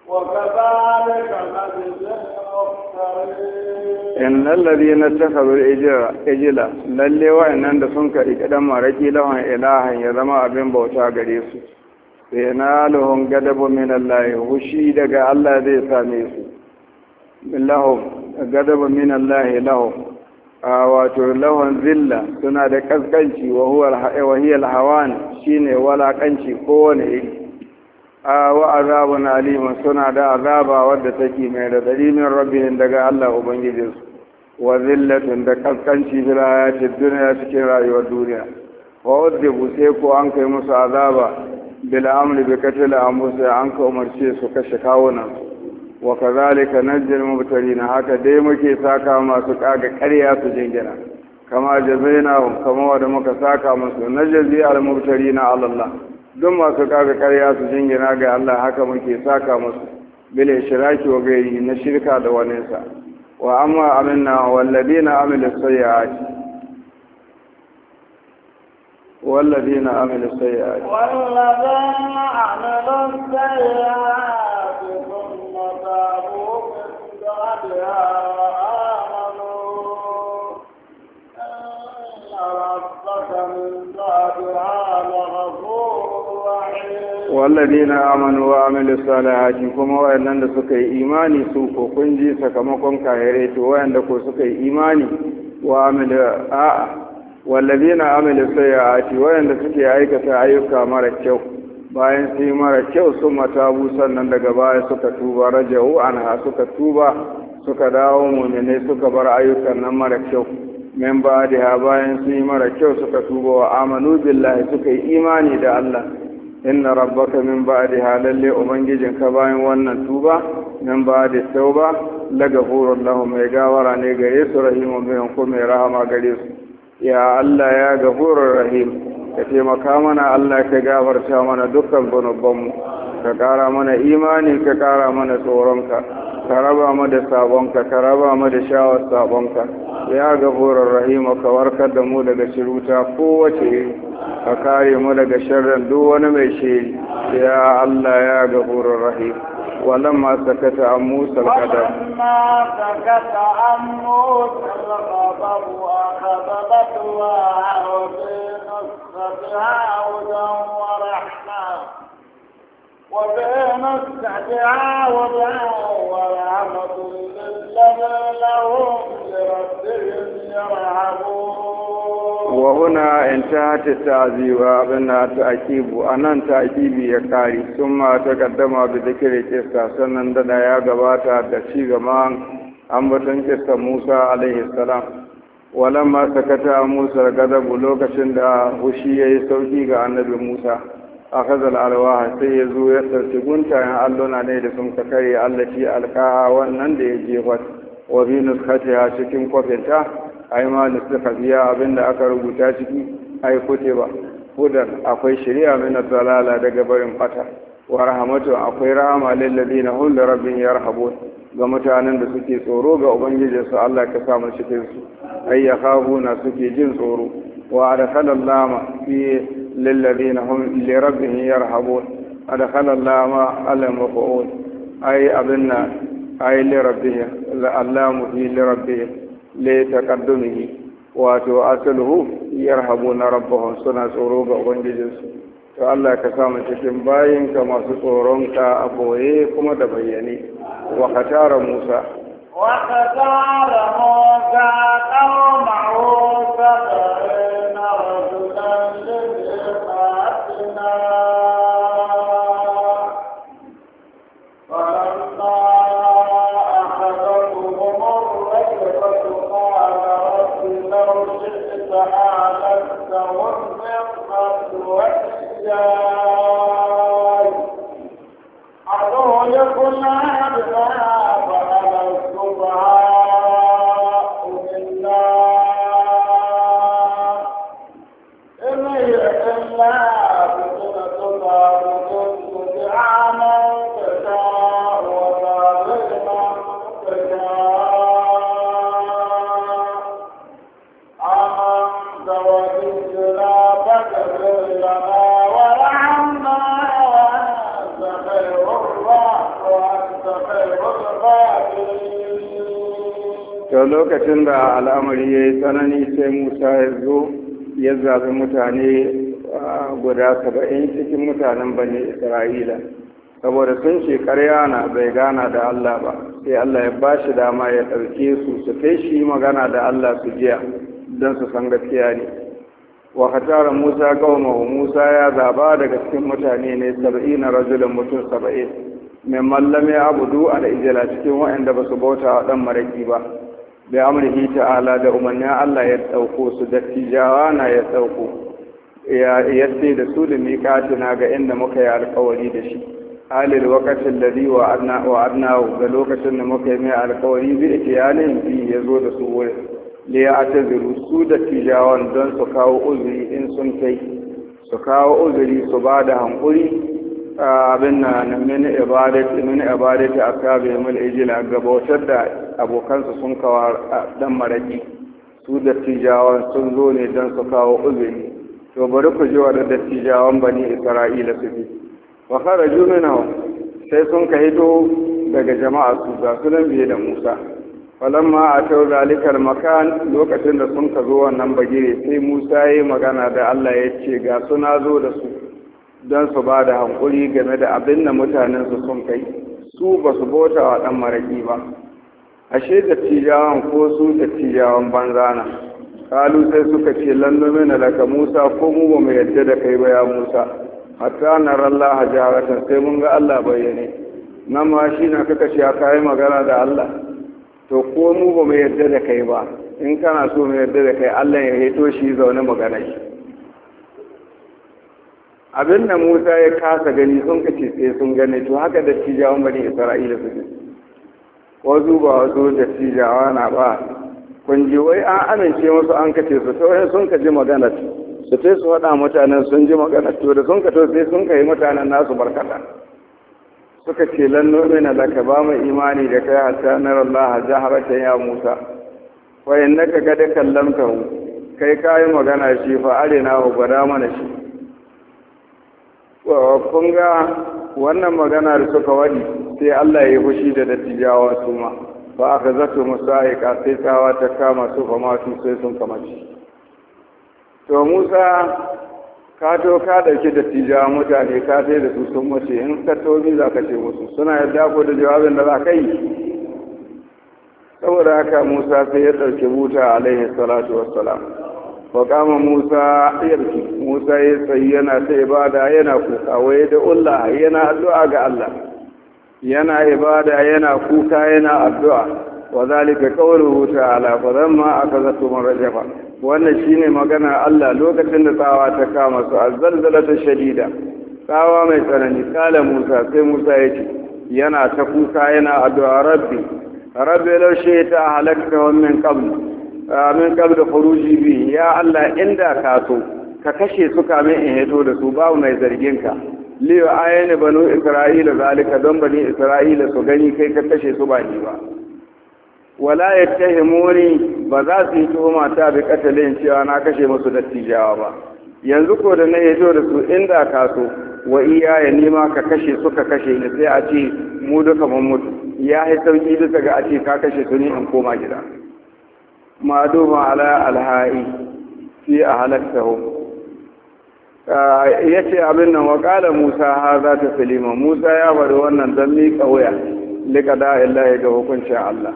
وكذلك نجزي المفترين إن الذين اتخذوا الإجلة للي وإن أنت سنك إقدام رجي لهم إلها يزمع بين بوتا قريسو yanaluhum gadabun min Allah hushi daga Allah zai same su lahum gadabun min Allah A wato lahum zilla suna da kaskanci wa huwa Shi ne walakanci kowane iri wa azabun alimun suna da azaba wadda take mai da min rabbihim daga Allah ubangijinsu wa zillatun da kaskanci fil hayatid dunya cikin rayuwar duniya wa udhibu sai ko an kai musu azaba bil'amri bi katil amusa an ka umarce su kashe kawunan wa kazalika najjal mubtarina haka dai muke saka masu kaga ƙarya su jingina kama jazaina kama wanda muka saka musu najjazi al mubtarina ala Allah duk masu kaga ƙarya su jingina ga Allah haka muke saka musu bil ishraki wa gairi na shirka da waninsa wa amma aminna walladina amilu sayyi'ati والذين عملوا السيئات والذين عملوا السيئات ثم تابوا من بعدها وآمنوا إن ربك من بعدها لغفور رحيم والذين آمنوا وعملوا الصالحات كما وإن سكي إيماني سوكو كنجي سكما سكمكم كايريتو وإن سكي إيماني وعملوا آه na sai amilu ati wayanda suke aikata ayyuka mara kyau bayan su yi mara kyau sun matabu sannan daga baya suka tuba raja'u anha suka tuba suka dawo mu'mine suka bar ayyukan nan mara kyau min ba'daha bayan sun yi mara kyau suka tuba wa amanu billahi suka yi imani da Allah inna rabbaka min ba'daha lalle ka bayan wannan tuba min ba'da tauba lagafurun lahum mai gawara ne gare su rahimu ko mai rahama gare su ya Allah ya gafurur rahim ka taimaka mana Allah ka gafarta mana dukkan zunubanmu ka kara mana imani ka kara mana tsoronka ka raba mu da sabonka ka raba mu da shawar sabonka ya gafurur rahim ka warkar da mu daga shiruta kowace iri ka kare mu daga sharrin duk wani mai shiri ya Allah ya gafurur rahim ولما سكت عن موسى الغضب ولما سكت عن موسى الغضب أخذتها في نصفها هدى ورحمة وبين التعاون ورحمة للذين هم لربهم يرحمون وهنا انتهت التعذيب بنا تأكيب أن تأكيب يكاري ثم تقدم بذكر القصة سنن دنا يا قباتا تشيغ مان أمبتن قصة موسى عليه السلام ولما سكت موسى قدب لوكشن دا وشي يسوكي ga annabi Musa a kazal alwaha sai ya zo ya ɗauki guntayen allona ne da sun ka karye allaci alkaha wannan da ya jefa wa bi nuskatiha cikin kwafinta ai ma nuska biya abin da aka rubuta ciki ai kute ba hudan akwai shari'a min dalala daga barin fata wa rahmatu akwai rahama lil ladina hum li rabbihim yarhabun ga mutanen da suke tsoro ga ubangijinsu Allah ka sa mu cikin su ay suke jin tsoro wa adkhala Allah fi للذين هم لربهم يرهبون أدخل الله ما على المفعول أي أبنا أي لربهم اللام في لربهم لتقدمه wato asalhu yarhabuna rabbahum suna tsoro ga ubangijinsu to Allah ka samu cikin bayinka masu tsoron ka a boye kuma da bayyane wa katara Musa Allah da lokacin da al'amari ya yi tsanani sai musa ya zo ya zaɓi mutane guda saba'in cikin mutanen bane isra'ila saboda sun ce na bai gana da allah ba sai allah ya bashi dama ya ɗauke su su kai shi magana da allah su jiya don su san gaskiya ne wa hatara musa kawamahu musa ya zaba daga cikin mutane ne saba'in na rajulan mutum saba'in mai mallame abudu a da ijila cikin waɗanda ba su bauta wa ɗan maraƙi ba bi amrihi ta'ala da umarnin Allah ya dauko su dattijawa na ya dauko ya yace da su da tuna ga inda muka yi alƙawari da shi halil waqatin ladhi wa adna wa da lokacin da muka yi mai alƙawari bi ikiyanin bi ya zo da su wurin li ya ataziru su dattijawan don su kawo uzuri in sun kai su kawo uzuri su ba da hankuri abin na mini ibadat a kabe akabi mul ijla ga gabatar da abokansu sun kawo dan maraki su da tijawan sun zo ne don su kawo uzuri to bari ku ji wadda da tijawan bani isra'ila su bi wa kharaju jumina sai sun ka hito daga jama'a su ga sunan biye da Musa falamma a tau zalikar makan lokacin da sun ka zo wannan bagire sai Musa ya yi magana da Allah ya ce ga suna zo da su don su ba da hankuri game da abin da mutanen su sun kai su ba su bota wa ɗan maraƙi ba ashe dattijawan ko su dattijawan banza na kalu sai suka ce lannu na daga musa ko mu ba mu yadda da kai ba ya musa hatta na rallaha jaharatan sai mun ga allah bayyane nan ma shi na kaka ce ka yi magana da allah to ko mu ba yadda da kai ba in kana so mu yadda da kai allah ya hito shi zaune magana abin da Musa ya kasa gani sun kace sai sun gane to haka da tijawan bani Isra'ila suke wasu ba wasu da tijawa na ba kun ji wai an amince musu an kace su sai sun kaji magana su sai su faɗa mutanen sun ji magana to da sun kato sai sun kai mutanen nasu barkata suka ce lan nu'mina zaka ba mu imani da kai hatta Allah jaharatan ya Musa wa innaka kad kai kai magana shi fa arina wa gwada mana shi kun ga wannan magana da suka wani sai Allah ya fushi da dattijawa su ma fa aka zato aika, sai tsawa ta kama su fa masu sai sun kamaci to Musa ka to ka dauki dattijawa mutane ka sai da su sun mace in ka to za ka ce musu suna ya ko da jawabin da za ka yi saboda haka Musa sai ya dauki buta alaihi salatu wassalam faƙama musa yarki musa ya tsaye yana ta ibada yana kuka waye da ulla yana addu'a ga allah yana ibada yana kuka yana addu'a wa zalika qawluhu ta'ala fa lamma akazatu rajafa wannan shine magana allah lokacin da tsawa ta kama su azzalzalata shadida tsawa mai tsanani kala musa sai musa ya ce yana ta kuka yana addu'a rabbi rabbi law shi'ta halakta min qabl min da faruji bi ya Allah inda ka so ka kashe su kamin in hito da su babu mai zargin ka liyo ayyana banu isra'ila zalika don bani isra'ila su gani kai ka kashe su ba ni ba wala yattahimuni ba za su yi tuhuma ta bi katalin cewa na kashe musu dattijawa ba yanzu ko da na hito da su inda ka so wa iyaye nima ka kashe su ka kashe ni sai a ce mu duka mun mutu ya yi sauki bisa ga a ce ka kashe su ne in koma gida maduma ala alha'i fi a halaktahu ya ce abin nan waƙala musa ha za ta salima musa ya bari wannan don miƙa wuya illa da'illahi ga hukuncin allah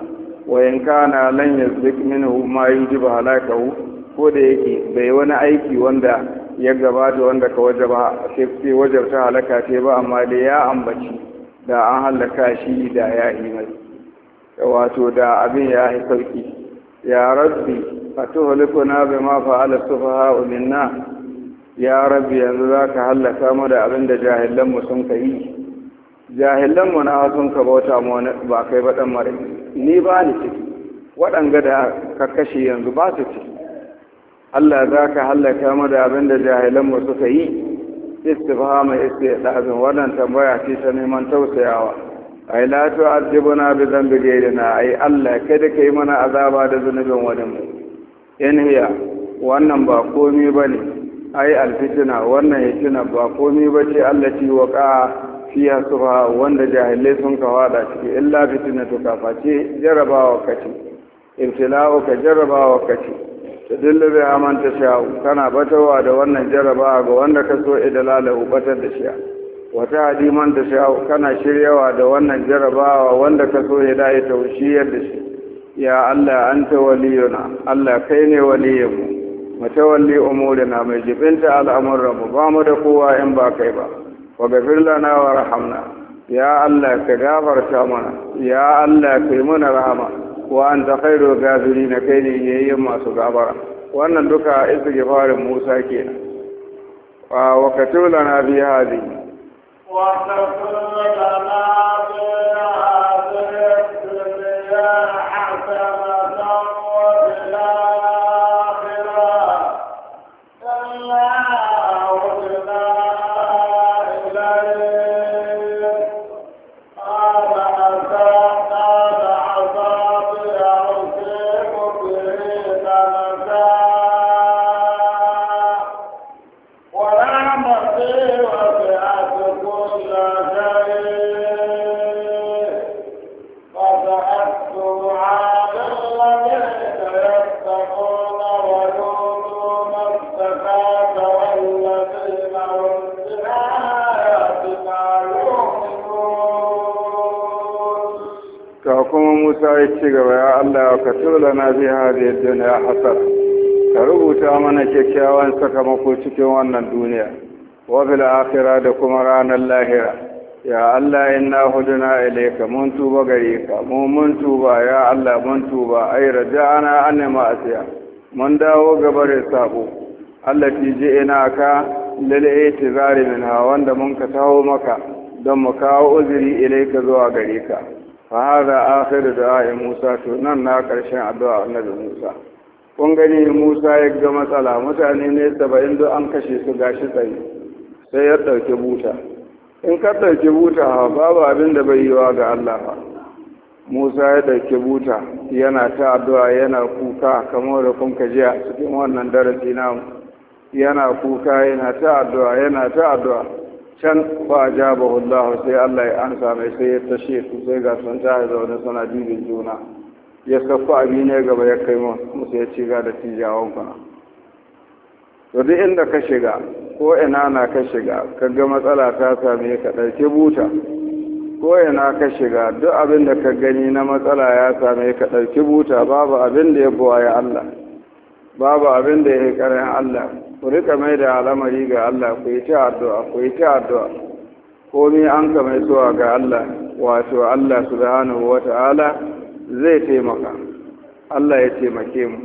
wayan kana lan yazdik minhu ma yujibu halakahu ko da yake bai wani aiki wanda ya gabata wanda ka wajaba sai wajabta halaka ce ba amma da ya ambaci da an halaka shi da ya yi mai wato da abin ya yi sauki Ya rabbi يا ربي فتهلكنا بما فعل السفهاء منا ya rabbi yanzu za ka hallaka mu da abin da jahilanmu sun ka yi jahilanmu na sun ka bauta mu ba kai ba ɗan mara ni ba ni ciki waɗanga da ka kashe yanzu ba su ciki Allah za ka hallaka mu da abin da jahilanmu suka yi Istifa Istifa istiqazin wannan tambaya ce ta neman tausayawa ai la tu'adhibuna bi dhanbi ghayrina ai Allah kada kai mana azaba da zunubin wani mu in hiya wannan ba komai bane ai alfitina wannan hitina ba ba bace Allah ci waqa fiya sufa wanda jahilai sun ka wada ciki illa to ka face jarabawa kace ibtila'u ka jarabawa ta dillu bi amanta sha'u kana batawa da wannan jarabawa ga wanda ka so idalalahu batar da shi'a wata hadiman da shi kana shiryawa da wannan jarabawa wanda ka so ya daye taushiyar da shi ya Allah ta waliyuna Allah kai ne waliyinmu mutawalli umurina mai jibinta al'amuranmu ba mu da kowa in ba kai ba wa gafir lana wa rahamna ya Allah ka gafarta mana ya Allah kai mana rahama wa anta khairu gafirin kai ne yayin masu gafara wannan duka istighfarin Musa kenan wa wakatulana bi hadhihi حسنة Musa ya ci gaba ya Allah ka tura na fi hadiya duniya hasar ka rubuta mana kyakkyawan sakamako cikin wannan duniya wa akhira da kuma ranar lahira ya Allah inna huduna ilayka mun tuba gare ka mu mun tuba ya Allah mun tuba ai raja'ana an ma'asiya mun dawo gaba da sabo Allah ti ji ina ka lil itizari minha wanda mun ka taho maka don mu kawo uzuri ilayka zuwa gare ka fa hada akhiru du'a Musa to nan na karshen addu'a annabi Musa kun gani Musa ya ga matsala mutane ne 70 duk an kashe su gashi tsaye sai ya dauki buta in ka ɗauki buta babu abin da bai yiwa ga Allah ba. Musa ya ɗauki buta yana ta addu'a yana kuka kamar da kun ka a cikin wannan darasi namu yana kuka yana ta addu'a yana ta addu'a can ba ba Allah sai Allah ya ansa mai sai ya tashe su sai ga sun ta zaune suna dibin juna ya saffa abi ne gaba ya kai musu ya ci ga da tijawan kuna to duk inda ka shiga ko ina na ka shiga ka ga matsala ta same ka ɗauke buta ko ina ka shiga duk abin da ka gani na matsala ya same ka ɗauki buta babu abin da ya buwaye Allah babu abin da ya yi ƙarin Allah ku rika mai da al'amari ga Allah ku yi ta addu'a ku yi ta addu'a Komi an ka mai zuwa ga Allah wato Allah subhanahu wa ta'ala zai taimaka Allah ya taimake mu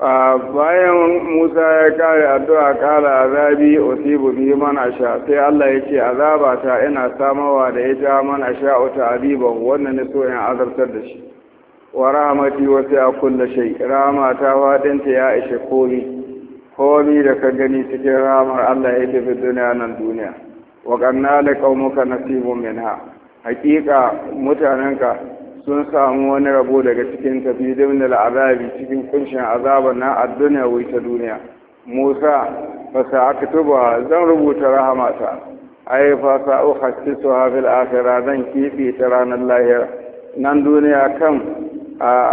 a bayan Musa ya kare addu'a kala azabi usibu bi man asha sai Allah ya ce azaba ta ina samawa da ita man asha ta adiba wannan ne so in azabtar da shi wa rahmati wa sa'a kullu shay rahmata wa dinta ya ishe komi. komi da ka gani cikin ramar Allah ya tafi duniya nan duniya wa kanna la qaumuka nasibun minha hakika mutanenka sun samu wani rabo daga cikin tafi da la'azabi cikin kunshin azaba na ad-dunya ta duniya Musa fa tuba zan rubuta rahamata ai fa sa'u khassisuha fil akhirah zan kifi ta ranar lahira nan duniya kan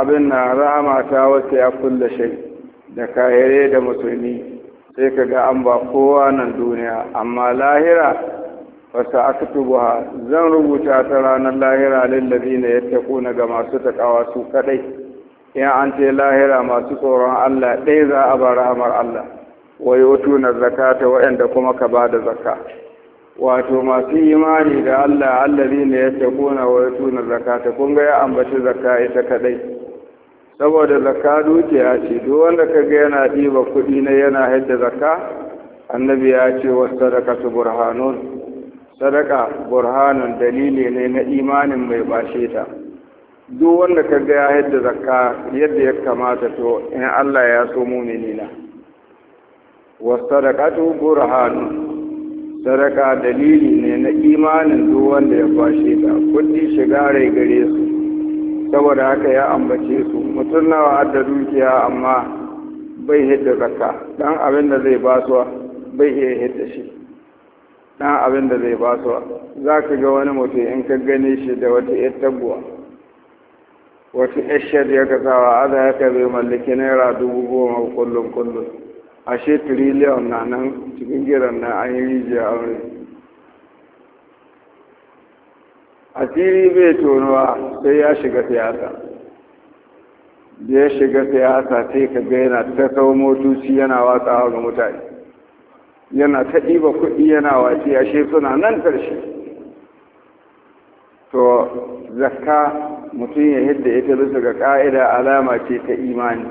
abin na rahamata wasu ya kulle shai da kayare da musulmi sai ka ga an ba kowa nan duniya amma lahira wasu aka tubuwa zan rubuta ta ranar lahira lallabi na yadda kuna ga masu takawa su kadai in an ce lahira masu tsoron Allah dai za a ba rahmar Allah wai wato na zakata waɗanda kuma ka ba da zakka wato masu imani da Allah allazi ne ya tako na wato na zakata kun ga ya ambaci zakka ita kadai saboda zakka dukiya ce duk wanda ka ga yana ɗiba kuɗi na yana haidda zakka annabi ya ce wa sadaka su burhanun sadaka burhanun dalili ne na imanin mai bashe ta duk wanda ka ga ya haidda zakka yadda ya kamata to in Allah ya so mumini na wa sadaqatu burhanun sadaka dalili ne na imanin duk wanda ya bashe ta kuɗi shiga rai gare su saboda haka ya ambace su mutum nawa adda dukiya amma bai hidda zakka dan abin da zai basuwa bai iya hidda shi dan abin da zai basuwa za ka ga wani mutum in ka gane shi da wata yar tabuwa wata yar shari'a ka sawa aza ya ka zai mallaki naira dubu goma kullum kullum ashe tiriliyan na nan cikin giran na an yi rijiya aure asiri bai tonuwa sai ya shiga siyasa da ya shiga siyasa sai ka ga yana ta kawo motoci yana hau da mutane yana ta ɗiba kuɗi yana a ashe suna nan ƙarshe to zakka mutum ya hidda ita bisa ga ƙa'ida alama ce ta imani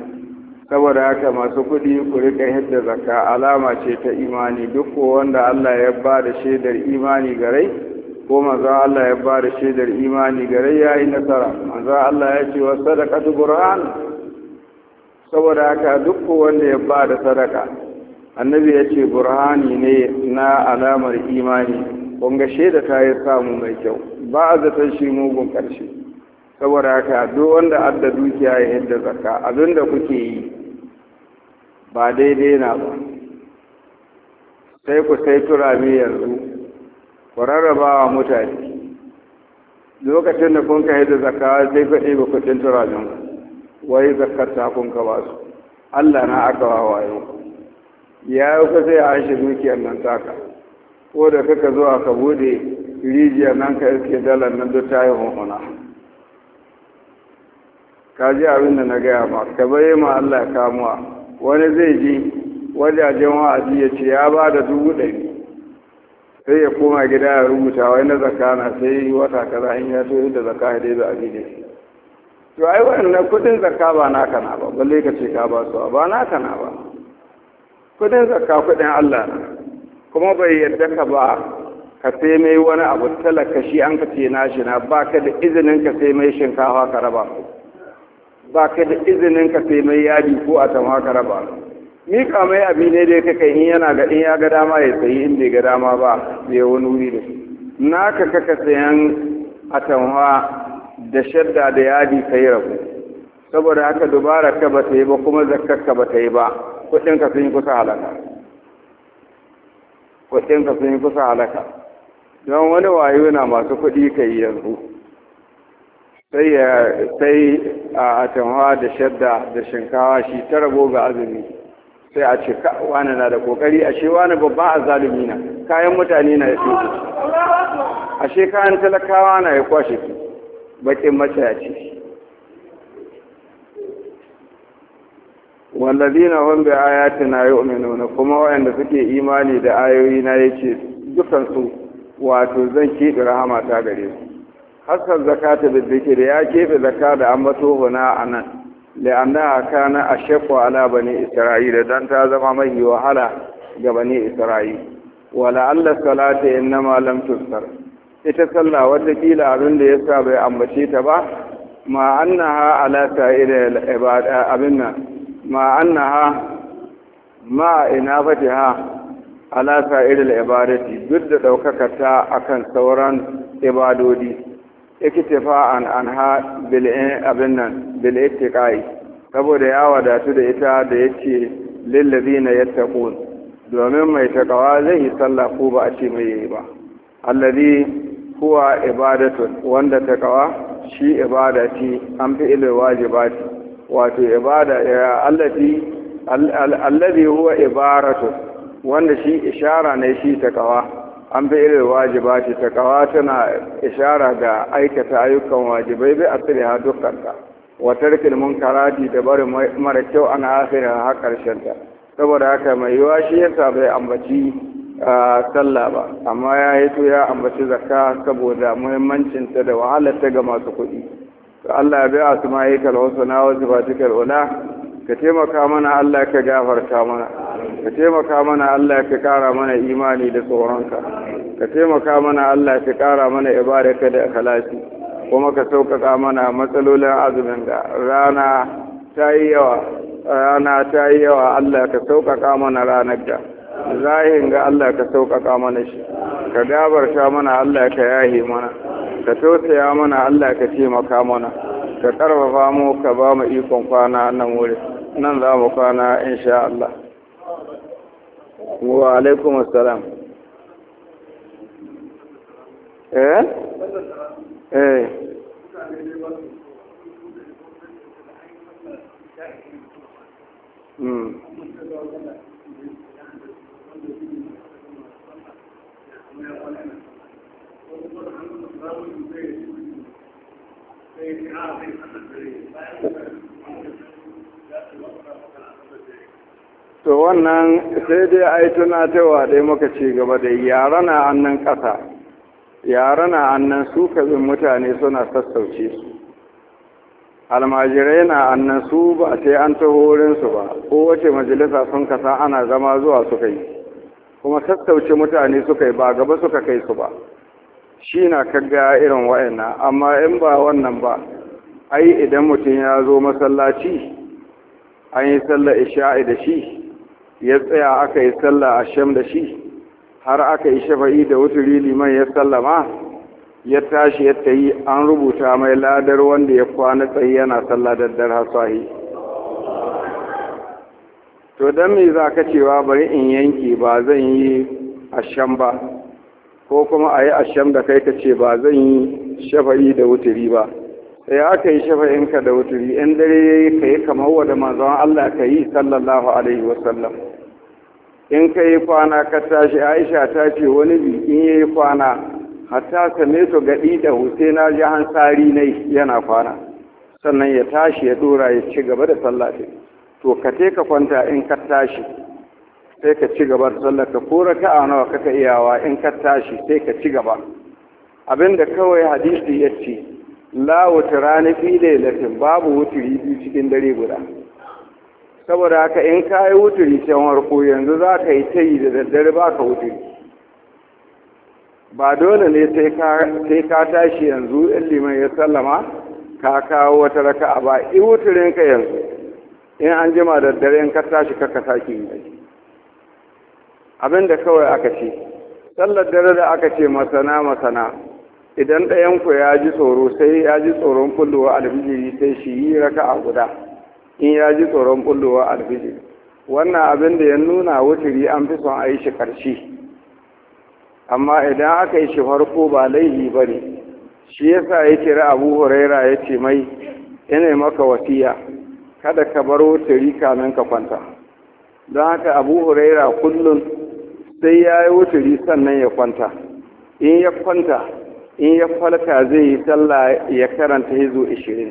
saboda haka masu kuɗi ku riƙa hidda zakka alama ce ta imani duk wanda Allah ya ba da shaidar imani ga rai ko manzon Allah ya ba da shaidar imani gare ya yi nasara manzon Allah ya ce wa ta qur'an saboda haka duk wanda ya ba da sadaka annabi ya ce burhani ne na alamar imani kun ga shaida ta yi samu mai kyau ba a zaton shi mugun karshe saboda haka duk wanda adda dukiya ya hidda zakka abinda kuke yi ba daidai na ba sai ku sai turami yanzu ku rarraba wa mutane lokacin da kun kai da zakawa zai ku ɗiba kuɗin turajin wai zakar ta kun ka ba su Allah na aka wa wayo ya yi ku sai an shi dukiyar nan taka ko da kaka zuwa ka bude rijiya nan ka iske dalar nan duk ta yi hunhuna ka ji abin da na gaya ma ka bayi ma Allah kamuwa wani zai ji wajajen wa'azi ya ce ya ba da dubu ɗari sai ya koma gida ya rubuta wai na zaka na sai wata kaza in ya so yadda zaka ya dai a abide to ai wannan kudin zakka ba naka na ba balle ka ce ka ba su ba naka na ba kudin zakka kudin Allah na kuma bai yadda ka ba ka sai mai wani abu talaka shi an ka ce nashi na ba ka da izinin ka sai mai shinkafa ka raba ba ka da izinin ka sai mai yadi ko a tamaka ka raba mika mai abi ne da kaka in yana ga in ya ga dama ya sayi in bai ga dama ba bai wani wuri da naka kaka sayan atamwa da shadda da yadi kai rabu saboda haka dubara ka ba ta yi ba kuma zakkar ka ba ta yi ba kuɗin ka sun yi kusa halaka kuɗin ka sun yi kusa halaka don wani wayo na masu kuɗi ka yi yanzu sai sai a atamwa da shadda da shinkawa shi ta rabo ga azumi sai a ce wani na da kokari ashe wani babban azalumi na kayan mutane na ya a ce kayan talakawa na ya kwashe ki bakin mace ya ce wallazina hum bi ayatina kuma wayanda suke imani da ayoyi na ya dukansu, dukansu wato zan da rahama ta gare su hasar zakata da zikir ya kefe zakata da ambato a nan. la'annaha kana ashaqqa ala bani da dan ta zama mai wahala ga bani Isra'il. wala alla salata innama lam tusar ita sallah wanda kila abin da yasa bai ambace ta ba ma annaha ala sa'ira ibada abinna ma annaha ma ina fatiha ala sa'iril ibadati duk da ɗaukaka ta akan sauran ibadodi iktifa'an anha bil abin nan bil saboda ya wadatu da ita da ya ce yace na ladina yattaqun domin mai takawa zai yi sallah ko ba a ce mai yi ba allabi huwa ibadatun wanda takawa shi ibada ce an fi ilil wajibati wato ibada allati allabi huwa ibaratu wanda shi ishara ne shi takawa an fi irin wajibati ta kawa tana ishara ga aikata ayyukan wajibai bai asiri ha dukkanta watar tarkin munkarati da bari mara kyau ana asiri ha ta. saboda haka mai yiwa shi yasa bai ambaci sallah ba amma ya hito ya ambaci zakka saboda muhimmancinta da wahalarta ga masu kuɗi to Allah ya bai asma'ikal ka taimaka mana Allah ka gafarta mana ka taimaka mana Allah fi kara mana imani da tsoronka ka taimaka mana Allah fi kara mana ibadarka da akhlasi kuma ka sauƙaƙa mana matsalolin azumin da. rana ta yi yawa rana ta yi yawa Allah ka sauƙaƙa mana ranar da zahin ga Allah ka sauƙaƙa mana shi ka gabarta mana Allah ka yahe mana ka tausaya mana Allah ka taimaka mana ka ƙarfafa mu ka ba mu ikon kwana nan wuri nan za mu kwana insha Allah وعليكم السلام ايه ايه to wannan sai dai a yi tunatarwa dai muka ci gaba da yara na annan ƙasa yara na annan su kaɓin mutane suna sassauce su almajirai na annan su ba sai an taho wurinsu ba wace majalisa sun kasa ana zama zuwa suka yi kuma sassauce mutane suka yi ba gaba suka kai su ba shi na kaga irin wa'ina amma in ba wannan ba ai idan mutum ya zo masallaci an yi sallar isha'i da shi ya tsaya aka yi sallah a shem da shi har aka yi shafa'i da rili liman ya ma ya tashi ya tayi an rubuta mai ladar wanda ya kwana tsaye yana sallah daddar hasahi to don mai za ka cewa bari in yanki ba zan yi a shem ba ko kuma a yi a asham da kai ka ce ba zan yi shafa'i da wuturi ba ya aka yi shafa'inka da wuturi in dare ya yi ka yi kamar wadda manzon Allah ka yi sallallahu alaihi wasallam in ka yi kwana ka tashi aisha ta ce wani bikin ya yi kwana hatta same su gaɗi da husaina ji tsari na yana kwana sannan ya tashi ya ɗora ya ci gaba da sallah to ka te ka kwanta in ka tashi sai ka ci gaba da sallah ka ko raka'a nawa kaka iyawa in ka tashi sai ka ci gaba abinda kawai hadisi ya ce la wutura na fi lailatin babu wuturi biyu cikin dare guda saboda haka in ka yi wuturi can warko yanzu za ka yi tayi da daddare ba ka wuturi ba dole ne sai ka tashi yanzu in liman ya sallama ka kawo wata raka a ba in wuturin ka yanzu in an jima da in ka tashi ka sake yi abin da kawai aka ce sallar dare da aka ce masana masana idan ɗayanku ya ji tsoro sai ya ji tsoron kullowa alfijiri sai shi yi raka a guda in ya ji tsoron kullowa alfijiri wannan abin da ya nuna wuturi an fi son a yi shi ƙarshe amma idan aka yi shi farko ba laihi ba ne shi ya sa ya kira abu huraira ya ce mai ina maka wasiya kada ka bar wuturi kamin ka kwanta don haka abu huraira kullum sai ya yi wuturi sannan ya kwanta in ya kwanta in ya falka zai yi sallah ya karanta hizo ishirin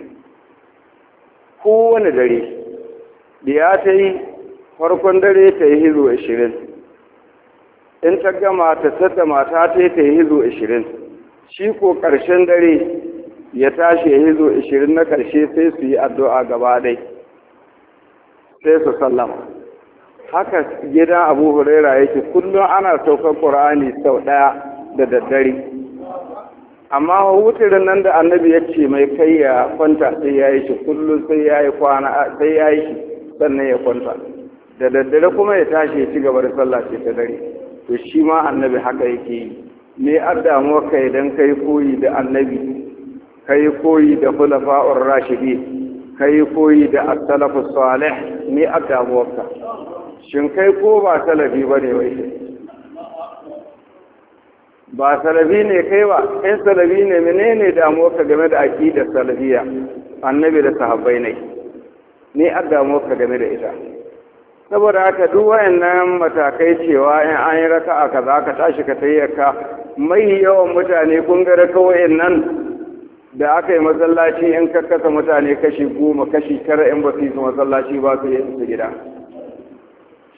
kowane dare da ya ta yi farkon dare ta yi hizo ishirin, in ta gama ta sata mata ta yi ta yi hizo ishirin, shi ko ƙarshen dare ya tashi ya hizo ishirin na ƙarshe sai su yi addu'a gaba dai sai su sallama haka gidan abu huraira yake kullum ana saukar ƙur'ani sau ɗaya da daddare amma wutirin nan da annabi ya ce mai kai ya kwanta sai ya yi shi kullum sai ya yi kwana sai ya yi shi sannan ya kwanta da daddare kuma ya tashi ya ci gaba da sallah ce ta dare to shi ma annabi haka yake yi me an damuwa ka idan ka yi koyi da annabi ka yi koyi da hulafa'ur rashidi ka yi koyi da as salih me an damuwa ka shin kai ko ba salafi ne wai ba salafi ne kai ba in salafi ne menene ka game da aqidar salafiya annabi da sahabbai ne ni a ka game da ita saboda haka duk wayannan matakai cewa in an yi raka a kaza ka tashi ka tayyaka mai yawan mutane kun ga raka wayannan da aka yi masallaci in kakkasa mutane kashi goma kashi tara in ba su yi masallaci ba su yi su gida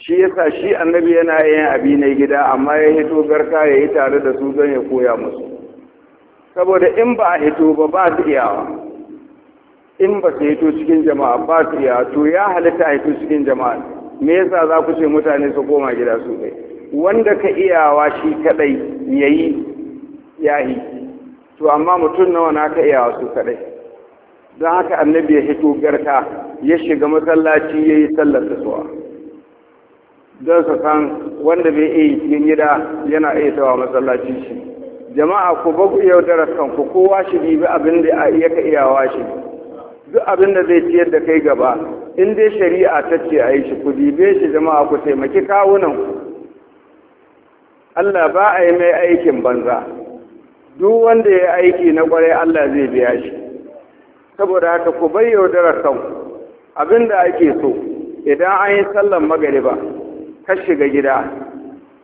shi yasa shi annabi yana yin abi na gida amma ya hito garka ya yi tare da su don ya koya musu saboda in ba a hito ba ba su iyawa in ba su hito cikin jama'a ba su iya to ya halitta a hito cikin jama'a me yasa za ku ce mutane su koma gida su kai wanda ka iyawa shi kadai yayi yi to amma mutum nawa na ka iyawa su kadai don haka annabi ya hito garka ya shiga masallaci ya yi sallar suwa don su san wanda bai iya cikin gida yana iya tawa masallaci shi jama'a ku ba ku yaudarar ku kowa shi bibi abin da a iya ka iyawa shi duk abin da zai ciyar da kai gaba in dai shari'a ta ce a yi shi ku bibe shi jama'a ku taimaki kawunan Allah ba a yi mai aikin banza duk wanda ya aiki na kwarai Allah zai biya shi saboda haka ku bai yaudarar kanku abin da ake so idan an yi sallan magariba ka shiga gida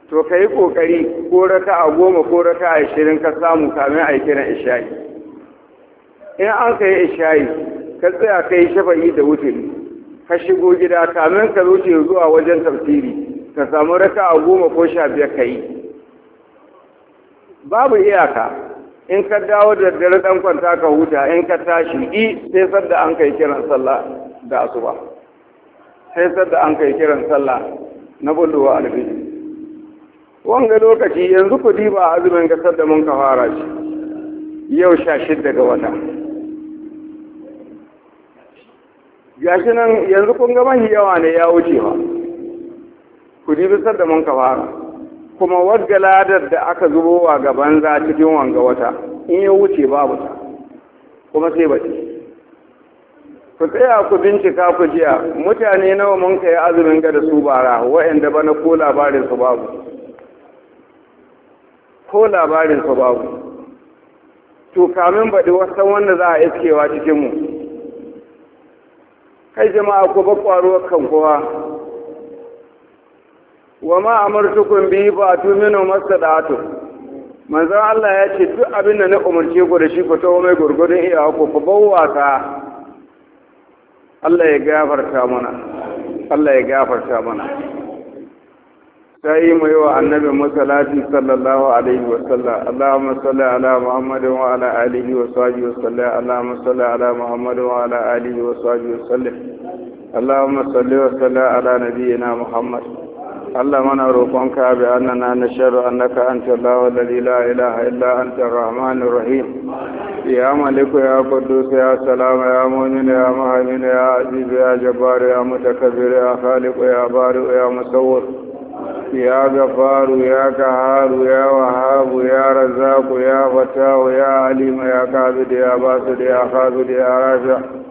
to ka yi ƙoƙari ko raka a goma ko raka a ashirin ka samu kamin a kiran ishayi in an ka yi ishayi ka tsaya ka yi shafa'i da wuturi ka shigo gida kamin ka zoce zuwa wajen tafsiri ka samu raka a goma ko sha biyar ka yi babu iyaka in ka dawo da dare dan kwanta ka huta in ka tashi i sai sadda an kai kiran sallah da asuba sai sadda an kai kiran sallah na bullowa alfijir wanga lokaci yanzu ku diba azumin gasar da mun ka fara shi yau sha shidda ga wata gashi nan yanzu kun ga mahi yawa ne ya wuce ba ku dibi sar da mun ka fara kuma wadda ladar da aka zubowa ga banza cikin wanga wata in ya wuce babu ta kuma sai ce ku tsaya ku bincika ku jiya mutane nawa mun kai azumin ga da su bara wa'anda bana ko labarin su babu ko labarin su babu to kamin baɗi wasan wanda za a iskewa cikin mu kai jama'a ku ba ƙwaruwar kan kowa wa ma amartukum bi ba tuminu masadatu manzon Allah ya ce duk abin da na umarce ku da shi ku tawo mai gurgurun iyawa ku ku wasa. Allah ya gafarta mana Allah ya gafarta mana sai mu yi wa annabi masalati sallallahu alaihi wa sallam Allahumma salli ala Muhammadu wa ala alihi wa sahbihi wa sallam Allahumma salli ala Muhammadin wa ala alihi wa sahbihi wa sallam Allahumma salli wa sallim ala nabiyyina Muhammad Allah mana roƙonka bi annana nashhadu annaka anta Allahu alladhi la ilaha illa anta ar-rahmanur rahim ya maliku ya kudus ya salama ya munin ya mahamin ya azizu ya jabbar a mutakabbir ya khaliqu ya bari ya musawwir ya ghafaru ya kaharu ya wahabu ya razzaqu ya fatahu ya alim ya kabid ya basid ya khabid ya rafi'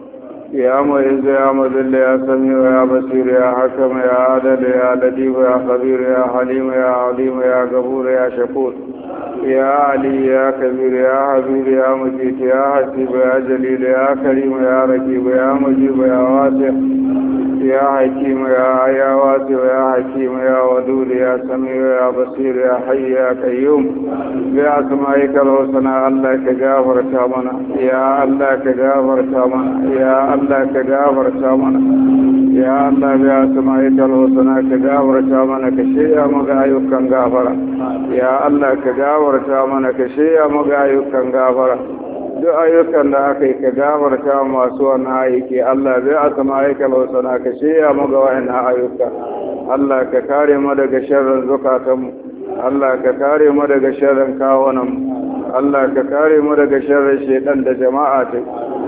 يا معز يا مذل يا سميع يا بصير يا حكم يا عادل يا لطيف يا خبير يا حليم يا عظيم يا غفور يا شكور يا علي يا كبير يا حبيب يا مجيد يا حسيب يا جليل يا كريم يا رقيب يا مجيب يا واسع قلت يا حكيم يا يا واسع يا حكيم يا ودود يا سميع يا بصير يا حي يا قيوم يا بأسمائك الحسنى الله كجافر تامنا يا الله كجافر تامنا يا الله كجافر تامنا يا الله يا بأسمائك الحسنى كجافر تامنا كشيء مغايو كان غافرا يا الله كجافر تامنا كشيء مغايو كان غافرا duk ayyukan da aka yi ka gafarta masu wani aiki Allah zai a sama aikal wasana ka shirya mu ga wa'ina ayyuka Allah ka kare mu daga sharrin zukatanmu Allah ka kare mu daga sharrin kawunanmu Allah ka kare mu daga sharrin shaidan da jama'a ta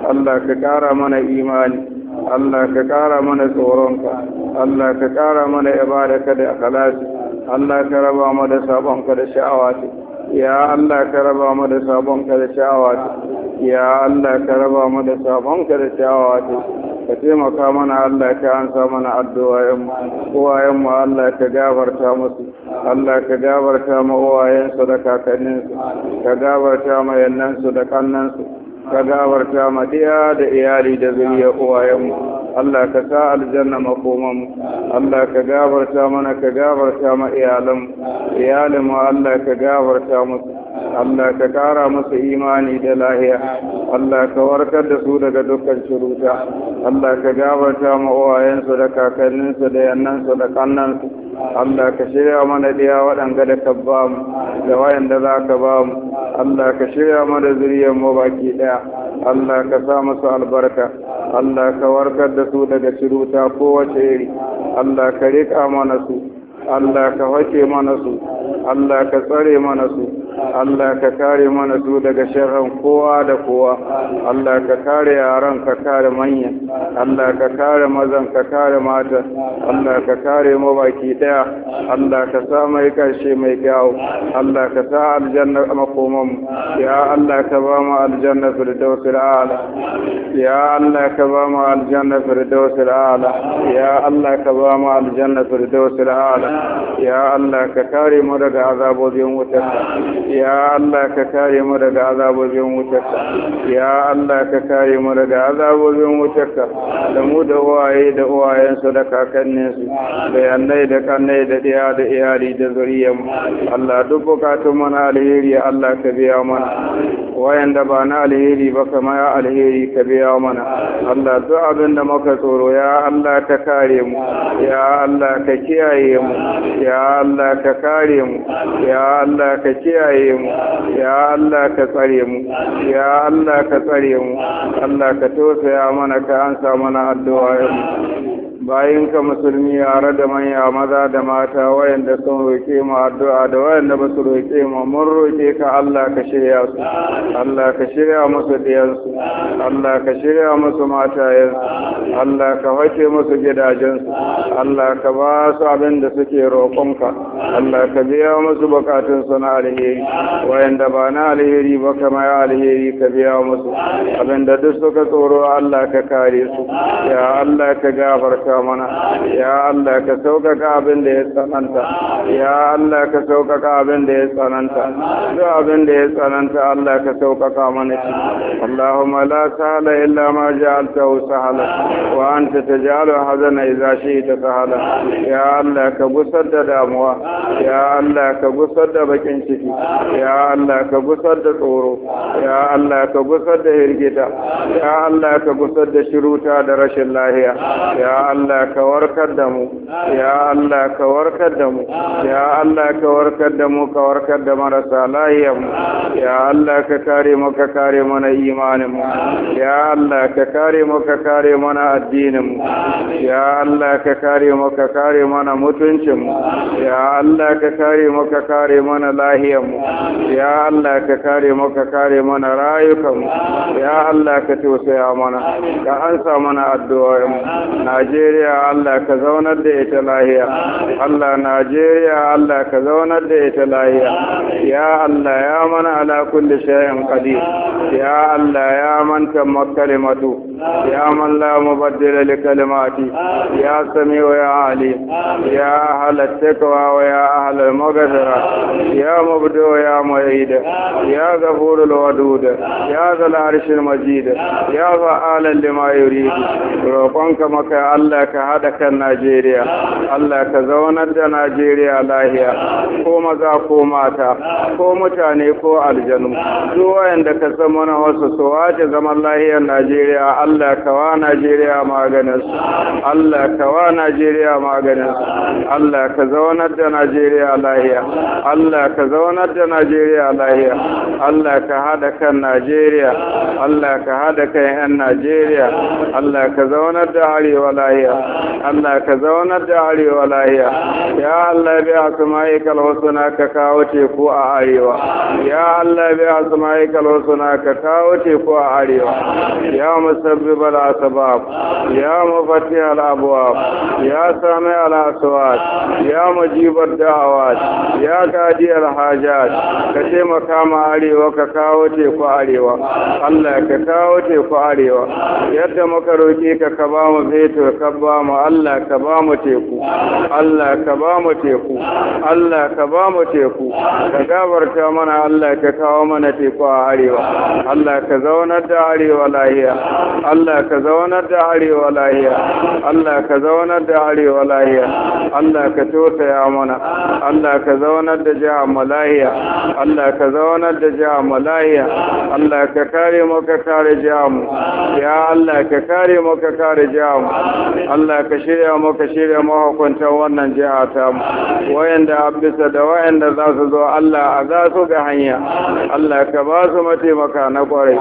Allah ka kara mana imani Allah ka ƙara mana tsoronka, Allah ka ƙara mana ibadaka da akhlasi, Allah ka raba mu da sabonka da sha'awa ya Allah ka raba mu da sabon ka da sha'awa ya Allah ka raba mu da sabon da sha'awa ka taimaka mana Allah ka ansa mana addu'o'in uwayen mu Allah ka gafarta musu Allah ka gafarta ma uwayen su da kakannin su ka gafarta ma yannan su da kannan su ka gafarta ma da iyali da zuriya uwayen mu Allah ka sa aljanna makoman Allah ka gabarta mana ka gabarta ma iyalan iyalan mu Allah ka gabarta musu Allah ka kara musu imani da lahiya Allah ka warkar da su daga dukkan shuruta Allah ka gabarta ma su da kakanninsu da yannansu da su Allah ka shirya mana diya waɗanga da ka ba mu da wayanda za ka ba mu Allah ka shirya mana zuriyar mu baki ɗaya Allah ka sa masu albarka Allah ka warkar da su daga ko kowace iri Allah ka riƙa mana su Allah ka hake mana su Allah ka tsare mana su Allah ka kare mana su daga sharran kowa da kowa Allah ka kare yaran ka kare manya Allah ka kare mazan ka kare mata Allah ka kare mu baki daya Allah ka sa mai karshe mai gawo. Allah ka sa aljanna makoman ya Allah ka ba mu aljanna firdaus ala ya Allah ka ba mu aljanna firdaus ala ya Allah ka ba mu aljanna firdaus ala ya Allah ka kare mu daga azabobin wutar ya Allah ka kare mu daga azabobin wutarka ya Allah ka kare mu daga azabobin wutarka da mu da uwaye da uwayensu da kakanninsu da yannai da kannai da ɗiya da iyali da zuriyar Allah duk bukatun na alheri Allah ka biya mana wayanda ba na alheri ba kama ya alheri ka biya mana Allah duk abin da muka tsoro ya Allah ka kare mu ya Allah ka kiyaye mu ya Allah ka kare mu ya Allah ka kiyaye kiyaye mu ya Allah ka tsare mu ya Allah ka tsare mu Allah ka ya mana ka ansa mana addu'a bayan ka musulmi yare da manya maza da mata wayanda sun roƙe mu addu'a da wayanda ba su roƙe mu mun roƙe ka Allah ka shirya su Allah ka shirya musu diyansu Allah ka shirya musu matayensu Allah ka wace musu gidajensu Allah ka ba su abin da suke roƙonka Allah ka biya musu bukatun su na alheri wayanda ba na alheri ba kama ya alheri ka biya musu abin da duk suka tsoro Allah ka kare su ya Allah ka gafarta gafarta mana ya Allah ka sauƙaƙa abin da ya tsananta ya Allah ka sauƙaƙa abin da ya tsananta duk abin da ya tsananta Allah ka sauƙaƙa mana shi Allahumma la sahla illa ma ja'altahu sahala. wa anta taj'alu hazana idza ta sahala. ya Allah ka gusar da damuwa ya Allah ka gusar da bakin ciki ya Allah ka gusar da tsoro ya Allah ka gusar da hirgita ya Allah ka gusar da shiruta da rashin lahiya ya Allah Allah ka warkar da mu ya Allah ka warkar da mu ya Allah ka warkar da mu ka warkar da marasa lahiyar mu ya Allah ka kare mu ka kare mana imanin mu ya Allah ka kare mu ka kare mana addinin mu ya Allah ka kare mu ka kare mana mutuncin mu ya Allah ka kare mu ka kare mana lahiyar mu ya Allah ka kare mu ka kare mana rayukan mu ya Allah ka tausaya mana ka ansa mana addu'o'in mu Najeriya Najeriya Allah ka zaunar da ita lahiya Allah Najeriya Allah ka zaunar da ita lahiya ya Allah ya mana ala kulli shay'in qadir ya Allah ya man tamma kalimatu ya man la mubaddila li kalimati ya sami'u ya Ali. ya ahla taqwa wa ya ahla al-maghfira ya mubdi ya mu'id ya ghafur al-wadud ya zal arshil majid ya fa'alan lima yurid roƙonka maka Allah ka haɗa kan Najeriya Allah ka zaunar da Najeriya lahiya ko maza ko mata ko mutane ko aljanu Zuwa wayanda ka zama na wasu su wace zaman lahiyar Najeriya Allah ka wa Najeriya maganin Allah ka wa Najeriya maganin Allah ka zaunar da Najeriya lahiya Allah ka zaunar da Najeriya lahiya Allah ka haɗa kan Najeriya Allah ka haɗa kan 'yan Najeriya Allah ka zaunar da arewa lahiya lahiya Allah ka zaunar da arewa lahiya ya Allah bi asma'ikal husna ka kawo teku a arewa ya Allah bi asma'ikal husna ka kawo teku a arewa ya musabbibal asbab ya mufattihal abwab ya sami al aswat ya mujibar da'awat ya qadiyal hajat ka ce ma arewa ka kawo teku arewa Allah ka kawo teku arewa yadda muka roke ka ka ba mu fetur ka ba mu Allah ka ba mu teku Allah ka ba mu teku Allah ka ba mu teku ka gabarta mana Allah ka kawo mana teku a arewa Allah ka zaunar da arewa lahiya Allah ka zaunar da arewa lahiya Allah ka zaunar da arewa lahiya Allah ka tausaya mana Allah ka zaunar da jiha malahiya Allah ka zaunar da jiha malahiya Allah ka kare mu ka kare jiha mu ya Allah ka kare mu ka kare jiha mu Allah ka shirya mu ka shirya mahukuntan wannan jiha ta mu wayanda abisa da wayanda za su zo Allah a za su ga hanya Allah ka ba su mataimaka na kwarai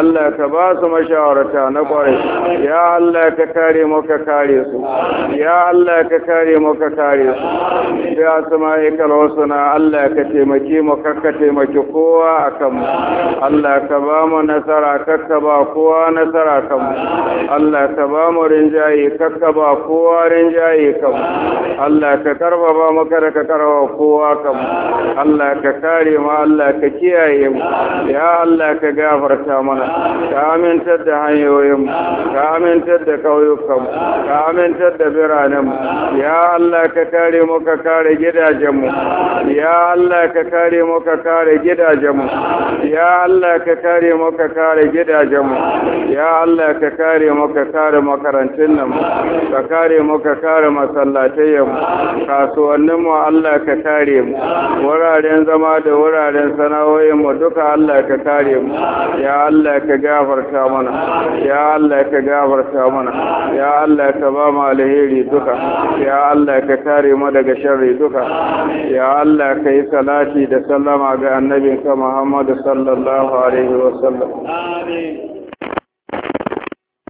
Allah ka ba su mashawarta na kwarai ya Allah ka kare mu ka kare su ya Allah ka kare mu ka kare su ya asma'ikal na Allah ka taimaki mu ka ka taimaki kowa akan mu Allah ka ba mu nasara ka ba kowa nasara kan mu Allah ka ba mu rinjaye kakka ba kowa rinjaye kan Allah ka karba ba kada ka karba kowa kan Allah ka kare mu Allah ka kiyaye mu ya Allah ka gafarta mana ka amintar da hanyoyin mu ka amintar da kauyukan mu ka amintar da biranen mu ya Allah ka kare mu ka kare gidajen mu ya Allah ka kare mu ka kare gidajen mu ya Allah ka kare mu ka kare gidajen mu ya Allah ka kare mu ka kare makarantun nan mu ka kare mu ka kare kasuwannin mu Allah ka kare mu wuraren zama da wuraren mu duka Allah ka kare mu ya Allah ka gafarta mana ya Allah ka gafarta mana ya Allah ka ba mu alheri duka ya Allah ka kare mu daga sharri duka ya Allah ka yi salati da sallama ga annabinka Muhammad sallallahu alaihi wasallam amin